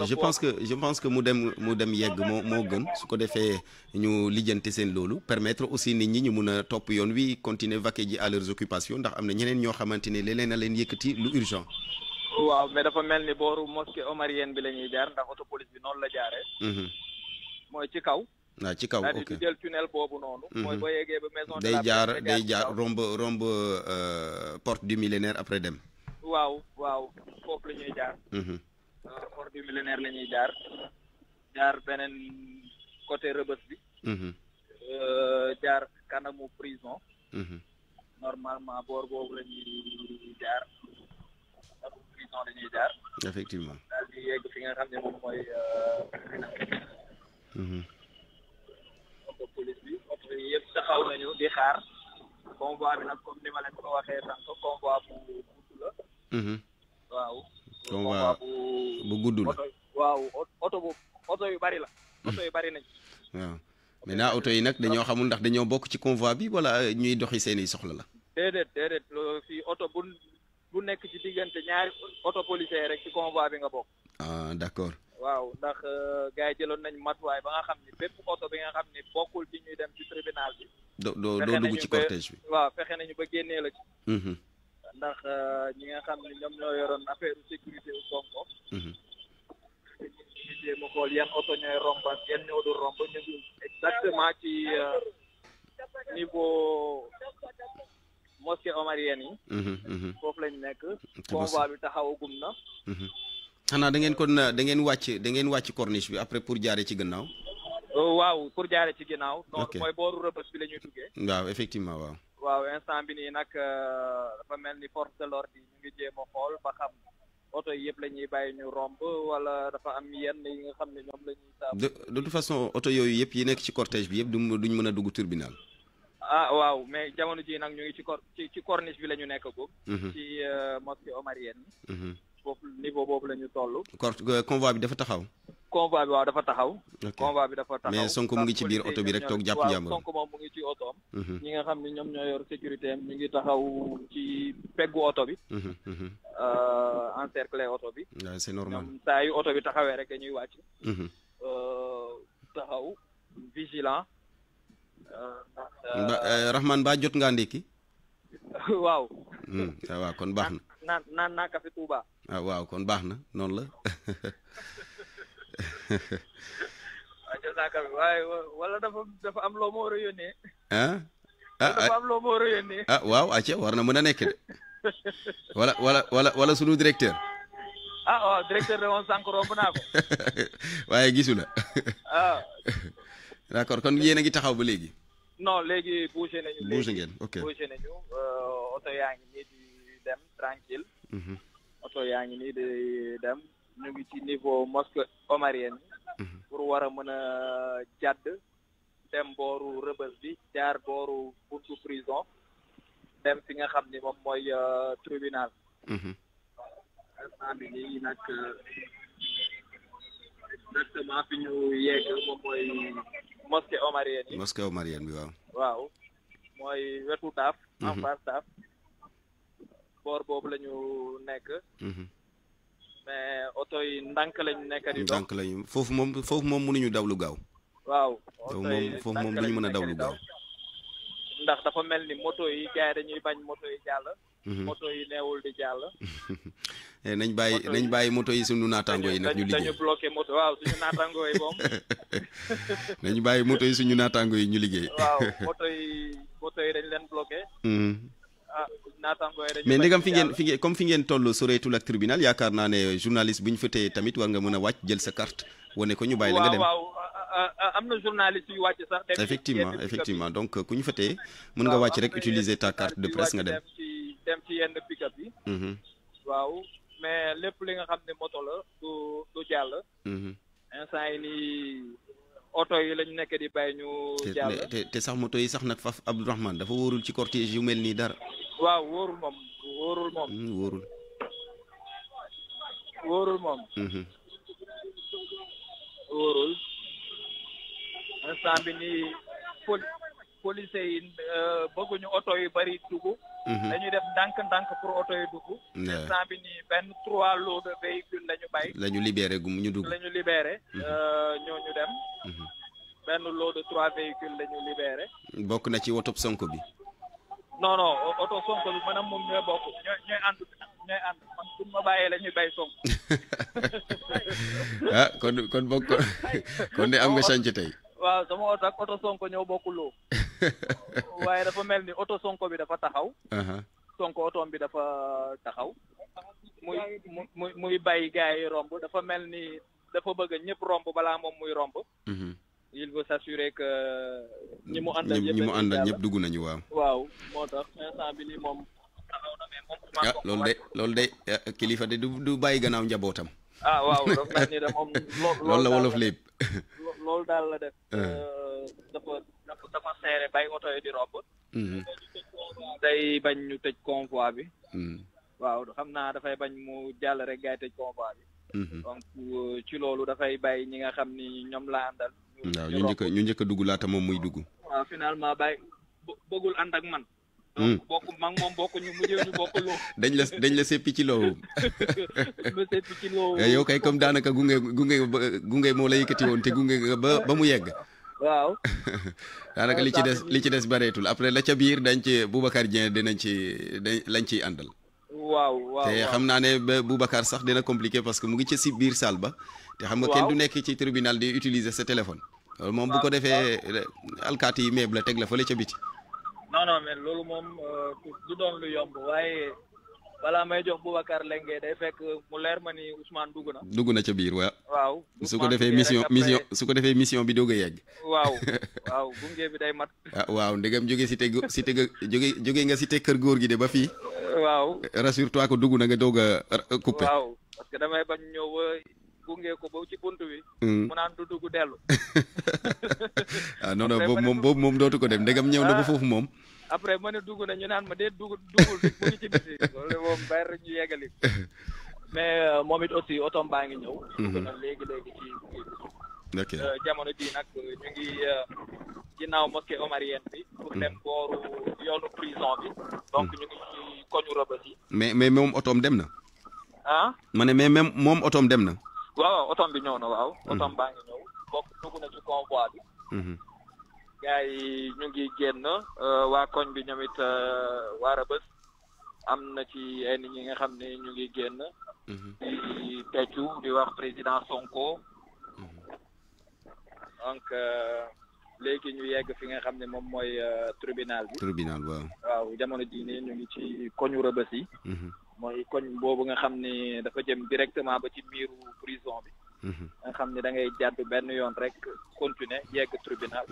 je pense que je pense que mu dem mu dem yegg moo moo gën su ko defee ñu lijjante sen lolu permettre aussi nit ñi ñu mëna top topp yoon wi continuer vaquer ji à leurs occupations ndax amna ñeneen ño xamanteni ne leneen a leen yëkkati lu urgent. waaw mais dafa melni boru mosquée omarienne bi lañuy jaar ndax auto police bi non la jaaré hmm moy ci kaw. na ci kaw ok jël tunnel bobu nonu moy mhm. boo yeggee ba maison de la. day jaar day jaar romb romb euh, porte du millénaire après dem. waaw waaw foofu la ñuy hmm or du millénaire la ñuy jaar jaar beneen côté rëbës bi mhm. euh, jaar kanamu prison mhm. normalement boor boobu la ñuy jaar prison la effectivement daal di yegg fi nga xam ne moom mooy euh, mhm. police bi yëpp taxaw nañu di xaar convoi bi nag comme ni ma leen ko waxee sànq convoi bu gudd la waaw convoi bu gudd la waaw oto bu oto yu bari la hmm. oto yu bari nañ waaw maintenant oto yi nag dañoo xamul ndax dañoo bokk ci convoi bi wala ñuy doxi seeni soxla la déedéet déedéet fii oto bu nekk ci diggante ñaari oto policier rek ci convoir bi nga bokk ah d'accord waaw ndax euh, gars yi jëloon nañ matuwaay ba nga xam ni bépp oto bi nga xam ni bokkul ci ñuy dem ci tribunal bi do doo doo dugg ci cortège bi waaw fexe nañu ba génnee la ci hmm, hmm. ndax euh, ñi nga xam ni ñoom ñoo yoroon affaire sécurité u Sonko ñu mhm. a xool yan oto ñooy romb ak yan ñoo du romb ñu ngi exactement ci euh, niveau mosquée omarienne yi mhm, mhm. foofu lañ nekk convoi bi taxawagum na xanaa da ngeen kon da ngeen wàcc da ngeen wàcc corniche bi après pour jaare ci gannaaw euh, waaw pour jaare ci gannaaw donc mooy booru rëbës bi la ñuy duggee waaw effectivement waaw waaw instant bi nii nag euh, dafa mel ni force de l'ordre yi ñu ngi jéem a xool ba xam oto yëpp la ñuy bàyyi ñu romb wala dafa am yenn yi nga xam ne ñoom la ñuy saabu. de de toute façon oto yooyu yëpp yi nekk ci cortège bi yëpp duñ duñ mën a dugg tribunal. ah waaw mais jamono ji nag ñu ngi ci cor ci ci corniche bi la ñu nekk ko. Mhm. ci euh, mosquée omarienne. Mhm. foofu niveau boobu la ñu toll. cor euh, convoi bi dafa taxaw. convoi bi waaw dafa taxaw. convoi bi dafa taxaw mais Sonko mu ngi ci biir auto bi rek toog jàpp njàmbur Sonko moom mu ngi ci otoom. Mhm. ñi nga xam ne ñoom ñoo yor sécurité am ñu ngi taxaw ci peggu auto bi. Mhm, mhm. Euh, encercler auto bi. c'est normal ñoom saa yu oto bi taxawee rek dañuy wàcc. Euh, taxaw vigilant. Euh, Rahman Ba jot nga ndiki <laughs> waaw. waaw kon baax na. naan naan naa café Touba. Ah, waaw kon baax na noonu la. <laughs> waaw <laughs> waaye wala dafa dafa am loo ma a yónnee. ah ah, ah. a yónnee. ah waaw war na mën a nekk de. wala wala wala wala sunu directeur. a ah, waaw directeur de woon sànq romb naa ko. <laughs> waaye gisu la. waaw. <laughs> Ah. d'accord kon yéen a ngi taxaw ba léegi. non léegi bougé nañu. bougé ngeen euh, oto yaa nii di dem tranquille mhm. oto yaa nii di dem. ñu ngi ci niveau mosquée omarienne mhm. pour war a mën a jàdd dem booru rëbës bi jaar booru buntu prison dem fi nga xam ni moom mooy euh, tribunal mhm. instant bi euh, mooy mosquée omarienne yi bi waaw waaw mooy wetu daaf en mhm. face daaf boor boobu lañu nekk mais oto yi ndànk lañu nekk di. ndànk lañu foofu moom foofu moom ñu daw lu gaaw. waaw oto yi foofu moom duñu mën a daw lu gaaw. ndax dafa mel ni moto yi gars yi dañuy bañ moto yi jàll. Mhm. <laughs> Eh, nañ bàyyi <laughs> nañ bàyyi moto yi suñu naataango yi nag ñu liggéey dañu bloqué moto waaw suñu bàyyi moto yi suñu naataango yi ñu liggéey. moto yi moto yi dañ leen bloqué. <laughs> Mhm. mais ndegam fi ngeen fi ngeen comme fi ngeen toll soreetul ak tribunal yaakaar naa ne journaliste bu ñu fa téye tamit war nga mën a wàcc jël sa carte wane ko ñu bàyyi la nga dem am na effectivement effectivement donc ku ñu fa mun mën nga wàcc rek utiliser ta carte de presse nga dem ci dem ci yenn pick yi mhm. mais lépp li nga xam ne moto la du du jàll mhm. instant yi nii oto yi lañ nekk di bàyyi ñu jàll te sax moto yi sax nag faf Abdourahmane dafa wóorul ci cortège yu mel nii dara waaw wóorul moom wóorul moom hmm, wóorul wóorul moom hmm, hmm. wóorul instant bi nii poli yi euh, bëgguñu oto yu bari dugg Mm-hmm. dañuy def ndànk-ndànk pour oto yi dugg. instant bi nii benn trois lots de véhicules la bay. la ñu gum ñu dugg la ñu libéré. Mm-hmm. Euh, ñooñu dem. Mm-hmm. benn lot de trois véhicules la ñu bokk na ci woto Sonko bi. non non oto Sonko bi maanaam moom ñooy bokk ñooy ñooy man pour ma bàyyee la ñuy bay Sonko. <laughs> ah kon kon bokk kon de am nga sànc tey. waaw sama oto ak oto Sonko ñoo bokk loo. <laughs> waaye dafa mel ni oto sonko bi dafa taxaw. sonko otoom bi dafa taxaw. muy muy muy bàyyi gars yi romb dafa mel ni dafa bëgg ñëpp romb balaa moom muy romb. Mhm. il veut s'assurer que ñi mu àndal ñëpp ñi mu àndal ñëpp dugg nañu waaw. waaw moo tax instant bi nii moom. ah loolu de loolu de eh, kilifa de du du bàyyi gannaaw njabootam. ah waaw <laughs> dafa mel ni de moom. loolu la wolof lépp. loolu daal la def. <laughs> Ah. Euh, dafa. dafa dafa seere bay oto yi mhm. bañ ñu tëj convoi bi. Mhm. waaw xam naa dafay bañ mu jàll rek gaay mhm. donc euh, ci loolu dafay bàyyi ñi nga xam ni ñoom laa àndal. waaw ñu njëkk ñu moom muy dugg. waaw finalement bàyyi bëggul ak man. donc bokk mag moom bokk ñu <laughs> dañ la dañ la seppi ci loo. <laughs> ma seppi <laughs> yow kay comme daanaka gunge gunge gunge moo la yëkkati woon te gunge ba ba mu yegg. waaw. <laughs> daanaka li ci des li ci des bareetul après la ca biir dañ ci Boubacar Dieng dinañ ci lañ ciy àndal. waaw te xam naa ne ba Boubacar sax dina compliqué parce que mu ngi ci si biir salle ba. te xam nga kenn du nekk ci tribinal di utiliser sa téléphone. moom bu ko ah, defee ah. alkaati yi meeb la teg la fële ca biti. non non bala may jox Boubacar Lengue day fekk mu leer ma ni Ousmane dugg na. dugg na ca biir ya. waaw. waaw su ko defee mission mission su ko defee mission bi doog yegg. waaw <laughs> waaw gunge bi day mat. ah waaw ndegam jóge si te si te jóge jóge nga si te kër góor gi de ba fii. waaw rassure toi ko dugg na nga doog a coupé. waaw parce que damay bañ ñëw ba gunge ko ba ci bunt bi. Hmm. mu naan du dugg dellu. <laughs> ah non non boobu moom boobu moom dootu ko dem ndegam ñëw na ba ah. foofu moom. après ma ne dugg na ñu naan ma dee dugg duggul nit mu ngi ci biti <laughs> loolu <laughs> euh, otom baa ngi ñëw mhm. na léegi léegi euh, jamono ji nag ñu ngi euh, ginnaaw mosquée omarienne bi pour mhm. dem booru prison bi donc mhm. ñu ngi ci koñu rëbës yi mais mais moom otoom dem na ah ma ne mais même moom otoom dem na waaw otoom bi ñëw na waaw otoom baa ngi ñëw bokk dugg na ci gars yi ñu ngi génn euh, waa koñ bi ñoom it euh, waa Rëbës am na ci ay nit ñi nga xam ne ñu ngi génn. Mhm. di teccu di wax président Sonko. donc euh, léegi ñu yegg fi nga xam ne moom mooy tribinal bi. tribunal waaw. jamono jii nii ñu ngi ci koñu Rëbës yi. Mhm. mooy koñ boobu nga xam ne dafa jëm directement ba ci miiru prison bi. Mm-hmm. nga xam ne dangay ngay jàdd benn yoon rek continuer yegg tribunal.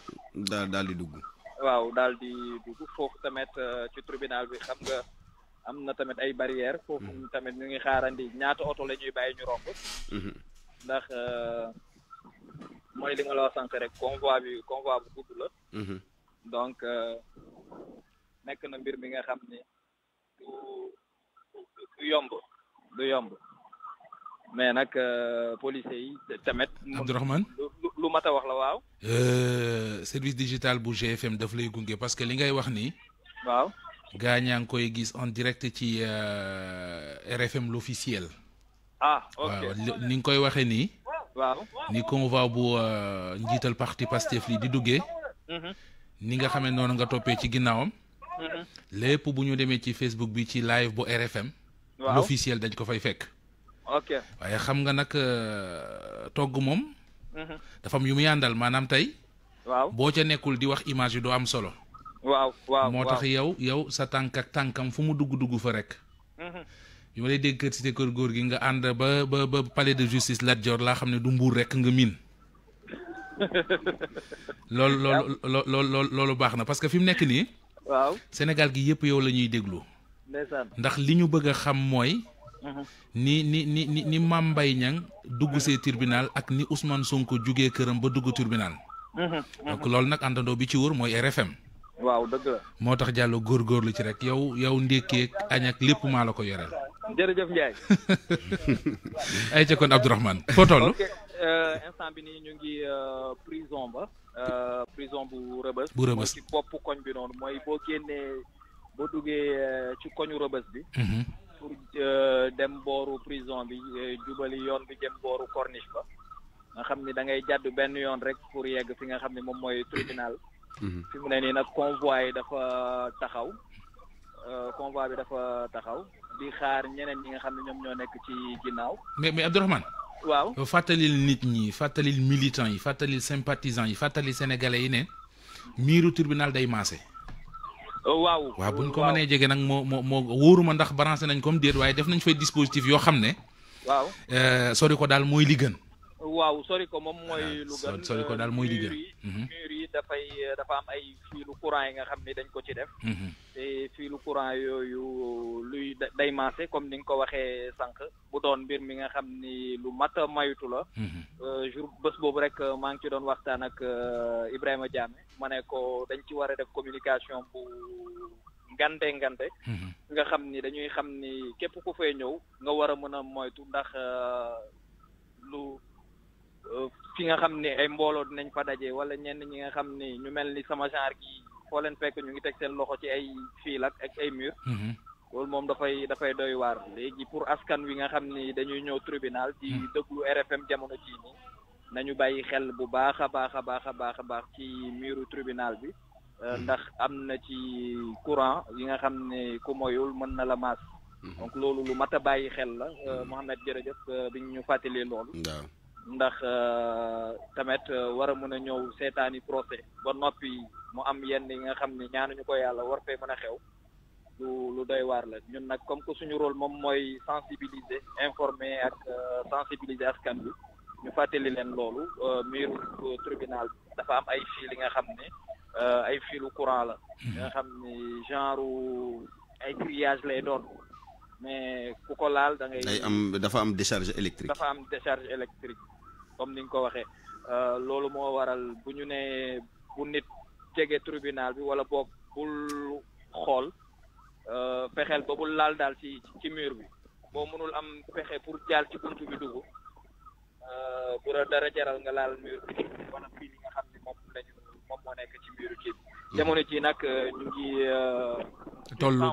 daal daal di dugg. waaw daal di dugg foofu tamit euh, ci tribunal bi xam nga am na tamit ay barrières. foofu mm-hmm. tamit ñu ngi xaarandi ñaata oto la ñuy bàyyi ñu romb. Mm-hmm. ndax euh, mooy li la wax rek convoi bi convoi bu gudd la. donc euh, nekk na mbir mi nga xam ni du yomb du yomb. mais des euh, policiers yi lu wax la Le euh, service digital bu GFM daf lay gungé parce que li ngay wax ni koy en direct ci euh, RFM l'officiel. ah ok ni nga koy waxé ni ni bu njital parti Pastef li di mhm. ni nga xamé non nga topé ci mhm. lépp bu ñu ci Facebook bi ci live bu RFM. l'officiel dañ ko waaye xam nga nag euh, togg moom. Mhm. dafa am yu mu yàndal maanaam tey. waaw boo ca nekkul di wax image yi doo am solo. waaw waaw moo tax yow yow sa tànk tànkam fu mu dugg dugg fa rek. Mhm. bi ma lay dégg kër cité kër góor gi nga ànd ba ba ba de justice Lat Dior laa xam ne du mbuur rek nga miin. loolu <laughs> loolu loolu baax na parce que fi mu nekk nii. waaw Sénégal gi yëpp yow la ñuy déglu. ndax li ñu bëgg a xam mooy. ni ni ni ni, ni mambay ñang dugg ci tribunal ak ni ousmane sonko kerem kërëm ba dugg tribunal mhm. donc lool nak andando bi ci wër moy rfm waaw deug la jalo gur gur lu ci rek yow yow ndéké ak añak lepp ma la ko yoreel jërëjëf Ndiaye. <laughs> ay ci kon abdourahman fo tollu euh instant bi ni ñu ngi euh, prison ba. Euh, prison bu rebeus bu rebeus ci bopp koñ bi non moy bo génné bo duggé euh, ci koñu rebeus bi. Mhm. pour euh, dem booru prison bi euh, jubali yoon bi jëm booru corniche ba nga xam ni da ngay jàdd benn yoon rek pour yegg fi nga xam ni moom mooy tribunal mhm. fi mu ne nii nag convoi yi dafa taxaw euh, convoi bi dafa taxaw bi xaar ñeneen ñi nga xam ne ñoom ñoo nekk ci ginnaaw mais mais Abdourahmane waaw fàttalil nit ñi fàttalil militants yi fàttalil sympathisants yi fàttalil sénégalais yi ne miiru tribunal day maase Euh, waaw waaw bu ñu ko mënee jege nag moo moo moo wóoruma ndax branché nañ comme déet waaye def nañ fay dispositif yoo xam ne. waaw euh, sori ko daal mooy li waaw sori ko moom mooy. lu gën sori ko daal mooy liggéey. Euh, mhm. mur yi dafay euh, dafa am ay fiilu courant yi nga xam ni dañ ko ci def. Mhm. te fiilu courant yooyu luy day maase comme ni nga ko waxee sànq. bu doon mbir mi nga xam ni lu mat a maytu la. Mhm. Euh, jour bés boobu rek maa ngi ci doon waxtaan ak Ibrahima Diame. ma ne ko dañ ci war a def communication bu ngante ngante. nga xam ni dañuy xam ni képp ko fay ñëw nga war a mën a moytu ndax lu. fi nga xam ne ay mbooloo dinañ fa daje wala ñenn ñi nga xam ne ñu mel ni sama genre gi foo leen fekk ñu ngi teg seen loxo ci ay fiil ak ak ay mur mhm. loolu moom dafay dafay doy waar léegi pour askan wi nga xam ni dañuy ñëw tribunal di mhm. déglu rfm jamono ci ni nañu bàyyi xel bu baax a baax a baax a baax ci muru tribunal bi euh, mhm. ndax am na ci courant yi nga xam ne ku moyul mën na la maas donc loolu lu mat a bàyyi xel la euh, mohamed jërëjëf euh, bi ñu fàttalee loolu ndax euh, tamit euh, war a mën a ñëw seetaani procès ba noppi mu am yenn yi nga xam ne ñaanuñu ko yàlla war fee mën a xew lu lu doy waar la ñun nag comme que suñu rôle moom mooy sensibiliser informer ak euh, sensibiliser askan bi ñu fàttali leen loolu miiru tribinal dafa am ay fil yi nga xam ne ay filu courant la mhm. nga xam ne genre ay grillage lay doon mais ku ko laal dangay ngay. am dafa am décharge électrique. dafa am décharge électrique. comme niñ ko waxé euh lolu mo waral buñu né bu nit djégé tribunal bi wala boog bul euh fexel ba bul lal dal ci ci mur bi bo mënul am fexé pour jaal ci buntu bi dugg euh, bu la dara jaral nga lal mur bi wala fi li nga xamni mom lañu mom mo nek ci mur kii jamono ci nak euh, ñu ngi tollu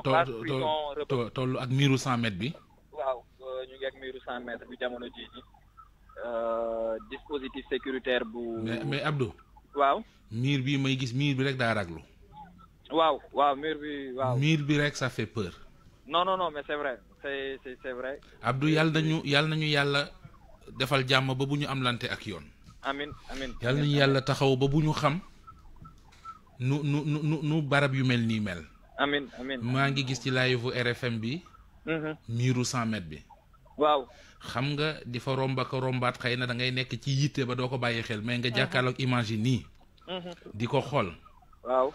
euh, tollu ak miru 100 mètres bi waaw ñu ngi ak 100 mètres bi jamono ji ji Euh, dispositif sécuritaire bu. mais mais miir bi may gis miir bi rek daa raglu. waaw waaw miir bi waaw. miir bi rek ça fait peur. non non non mais c'est vrai yàlla nañu yàlla nañu yàlla defal jàmm ba bu ñu am ak yoon. amin amin yàlla nañu yàlla taxaw ba bu ñu xam nu nu nu nu barab yu mel nii mel. maa ngi gis ci live bu RFM bi. Mm-hmm. miiru 100 bi. waaw xam nga di fa romba ko rombaat xëy na da ngay nekk ci yitte ba doo ko bàyyi xel mais nga mhm. jàkkaarloog image nii mhm. di ko xool waaw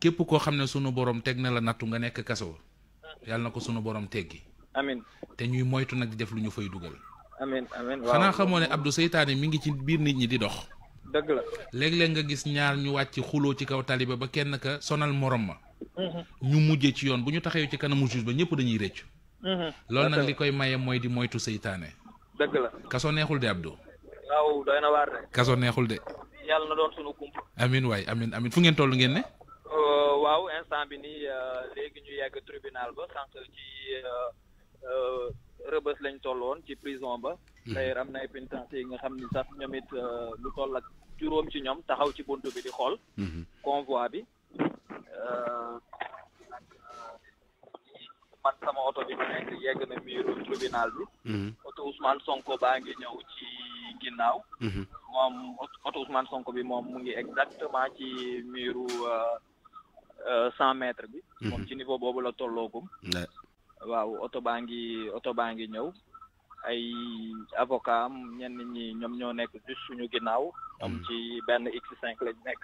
képp koo xam ne sunu borom teg na la nattu nga nekk kaso yàlla na ko sunu borom teggi amin te ñuy moytu nag di def lu ñu fay dugal amin amin waaw xanaa xamoo ne Abdou seytaane mi ngi ci biir nit ñi di dox dëgg léeg nga gis ñaar ñu wàcc xuloo ci kaw taliba ba kenn ka sonal morom ma mhm. ñu mujjee ci yoon bu ñu taxawee ci kanamu juge ba ñëpp dañuy rëcc Mhm. loolu nag li koy maye mooy di moytu seytaane. dëgg la kaso neexul de Abdou. waaw doy na waar de. kaso neexul de. yàlla na doon sunu kump. amin waay amin amin fu ngeen toll ngeen ne. Euh, waaw instant bi nii euh, léegi ñu yegg tribunal ba sànq ci euh, rëbës lañ tolloon ci prison ba. d'ailleurs mhm. am na ay pénitencier yi nga xam ni sax ñoom it lu toll ak juróom ci ñoom taxaw ci bunt bi di xool. Mhm. convoi bi. man sama oto bi mu nekk yegg na miiru tribunal bi mhm. oto Ousmane Sonko baa ngi ñëw ci ginnaaw mhm. moom oto Ousmane Sonko bi moom mu ngi exactement ci miiru euh, euh, cent mètres bi mhm. moom ci niveau boobu la tolloogum waaw oto baa ngi oto baa ngi ñëw ay avocat am ñenn ñi ñoom ñoo nekk juste suñu ginnaaw ñoom ci benn x cinq lañ nekk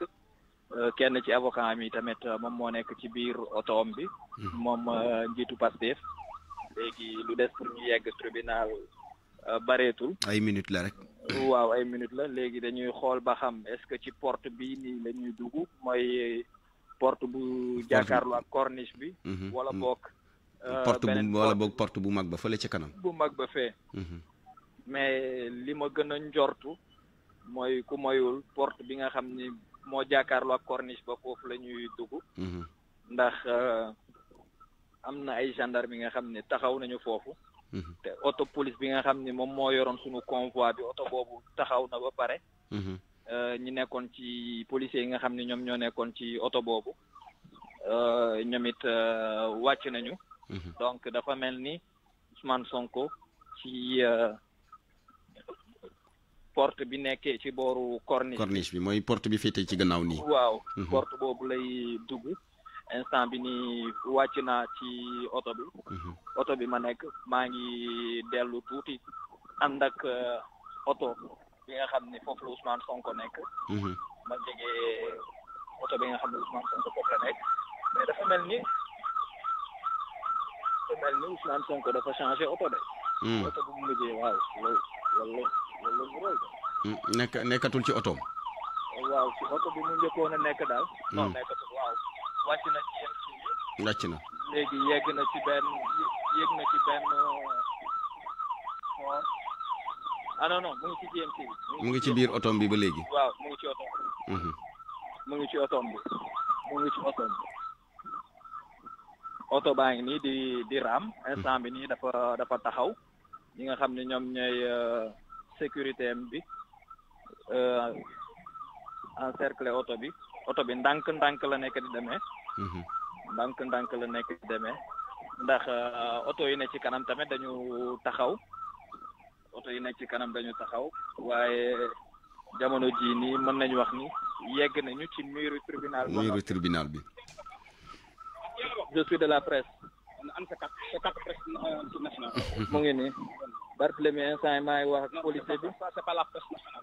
Euh, kenn ci avocat mi tamit euh, moom moo nekk ci biir otoom bi. Hmm. moom euh, njiitu Pastef. léegi lu des pour ñu yegg tribunal bareetul. ay minutes la rek. waaw ay minutes la léegi dañuy xool ba xam est-ce que ci porte bi nii la ñuy dugg mooy porte bu. jàkkaarloo ak corniche bi. Hmm. wala hmm. boog. porte bu mag ba fële ci kanam. bu mag ba fee. mais li ma gën a njortu mooy ku moyul porte bi nga xam ni. moo jàkkaarloo ak corniche ba foofu la ñuy dugg. Mhm. ndax euh, am na ay gendarme yi nga xam ne taxaw nañu foofu. Mhm. te oto police bi nga xam ni moom moo yoroon suñu convoi bi oto boobu taxaw na ba pare. Mhm. Euh, ñi nekkoon ci policier yi nga xam ne ñoom ñoo nekkoon ci oto boobu euh, ñoom it wàcc nañu. donc dafa mel ni Ousmane Sonko ci. porte bi nekké ci boru corniche corniche bi moy porte bi fété ci gannaaw ni waaw mhm. porte bobu lay dugg instant bi ni wàcc ci auto bi auto mhm. bi ma nekk ma ngi delu touti andak auto uh, bi nga xamni fofu foofu Ousmane Sonko nekk mhm. ma jege auto bi nga xamni Ousmane Sonko foofu la nekk mais dafa melni dafa melni Ousmane Sonko dafa changer auto oto bu mu liggéey waaw loolu loolu ci otoom waaw ci oto bi mu njëkkoon a nekk daal hmm. non nekkatul waaw wàcc na ci yenn suuf wàcc na léegi yegg na ci yegg na ci ah non non mu ngi ci GMT mu ngi ci biir otom bi ba léegi waaw mu ngi ci otom hmm. mu ngi ci otom bi mu ngi ci otom bi oto baa di di Ram. Hmm. instant bi nii dafa dafa taxaw ñi nga xam ne ñoom ñooy euh, sécurité am bi euh, encercler oto bi oto bi ndànk-ndànk la nekk di demee mhm. ndànk la nekk demee ndax euh, oto yi ne ci kanam tamit dañu taxaw oto yi ne ci kanam dañu taxaw waaye jamono jii nii mën nañu wax ni yegg nañu ci miiru tribunal miiru tribunal bi je de la presse an sa carte sa carte presse nationale mu ngi nii Barthélemy instant maa wax ak bi ça c'est pas la presse nationale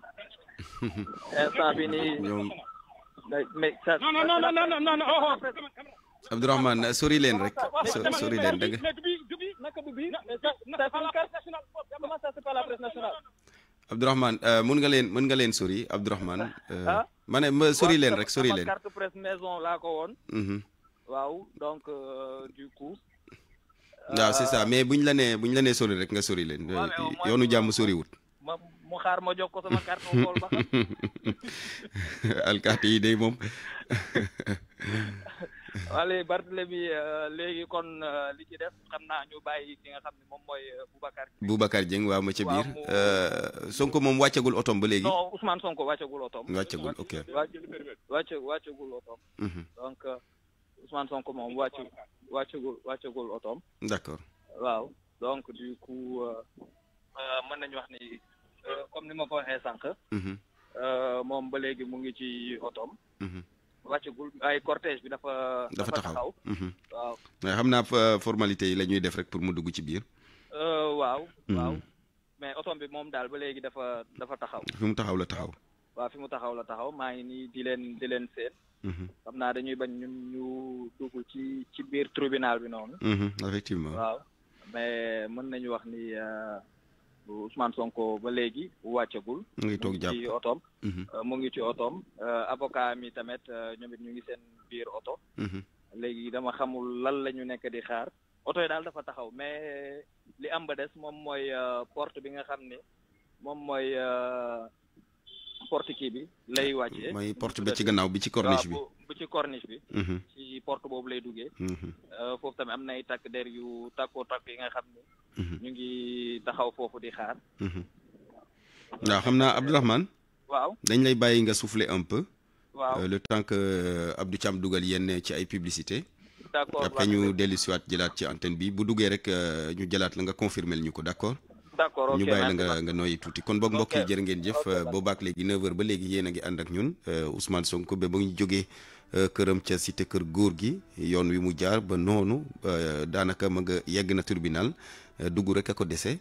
instant bi mais ça non non non non non non oh Abdourahmane sori leen rek sori leen dëgg naka bu mën nga leen mën nga sori Abdourahmane ma sori rek sori carte presse maison ko waaw donc du coup waaw c'est ça mais bu ñu la nee bu ñu la nee sori rek nga sori leen. Euh, yoonu jàmm soriwut. ma mu xaar ma jox ko sama carte ma xool ba xam. <laughs> alkaati yi day moom. <laughs> Euh, léegi kon euh, li ci def xam naa ñu bàyyi ki nga xam ne moom mooy Boubacar. Boubacar waaw ma ca biir. Sonko moom wàccagul otoom ba léegi. non Ousmane Sonko wàccagul otoom. wàccagul otoom. Mhm. Ousmane Sonko moom wàccu wàccugul wàccugul otoom. d'accord waaw donc du coup euh, euh, mën nañu wax ni euh, comme ni ma ko waxee sànq. Mhm. moom ba léegi mu ngi ci otoom. Mhm. wàccagul ay cortège bi dafa. dafa taxaw mhm. waaw. mais xam naa formalité yi la ñuy def rek pour mu dugg ci biir. waaw. waaw mais otoom bi moom daal ba léegi dafa dafa taxaw. fi mu taxaw la taxaw. waa fi mu taxaw la taxaw maa ngi nii di leen di leen seen. Mhm. xam naa dañuy bañ ñu ñu dugg ci ci biir tribunal bi noonu. Mhm, effectivement waaw. mais mën nañu wax ni euh, Ousmane Sonko ba léegi wàccagul. mu ngi toog jàpp mu ngi ci otoom. Mhm. Euh, mu ngi ci otoom euh, tamit ñoomit ñu ngi seen biir oto. léegi dama xamul lan la ñu nekk di xaar. oto yi daal dafa taxaw mais li am ba des moom mooy porte bi nga xam ni moom mooy. porte kii bi lay wàccee. mooy porte bi ci gannaaw bi ci corniche bi bu ci corniche mhm. porte boobu lay duggee. Mhm. Euh, foofu tamit am na ay takk der yu takkoo takk yi nga xam ni. Mhm. ñu ngi taxaw foofu di xaar. Euh, waaw xam naa Abdourahmane waaw dañ lay bàyyi nga suufle un peu. waaw euh, le temps que Abdou Thiam dugal yenn ci ay publicité d' accord après ñu dellusiwaat jëlaat ci antenne bi bu duggee rek ñu jëlaat la nga confirmer ñu ko d' accord. d'accord ñu bàyyi la nga nga nooyi tuuti kon boo mbokk yi jërë ngeen jëf boobaak léegi 9h ba léegi yéen a ngi ànd ak ñun euh, Ousmane sonk ba ba ñu jógee euh, këram ca cité kër góor gi yoon wi mu jaar ba noonu euh, daanaka ma nga yegg na tribunal dugg rek a ko dese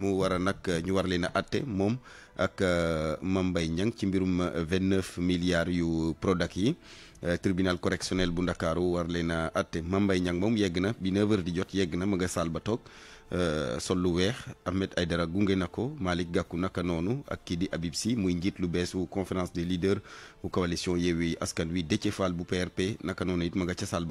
mu war a nag ñu war leen a atte moom ak Mame Mbaye Niang ci mbirum 29 milliards yu Prodac yi tribunal correctionnel bu Ndakaaru war leen a atte Mame Mbaye Niang moom yegg na bi 9 di jot yegg na ma nga saal ba Euh, sol lu weex Ahmed Aïdara gunge na ko Malick gàkku naka noonu ak kii di Habib Sy muy njiit lu bees wu conférence des leaders bu coalition Yewwi Askan Wi Déthié Fall bu PRP naka noonu it ma nga ca salle ba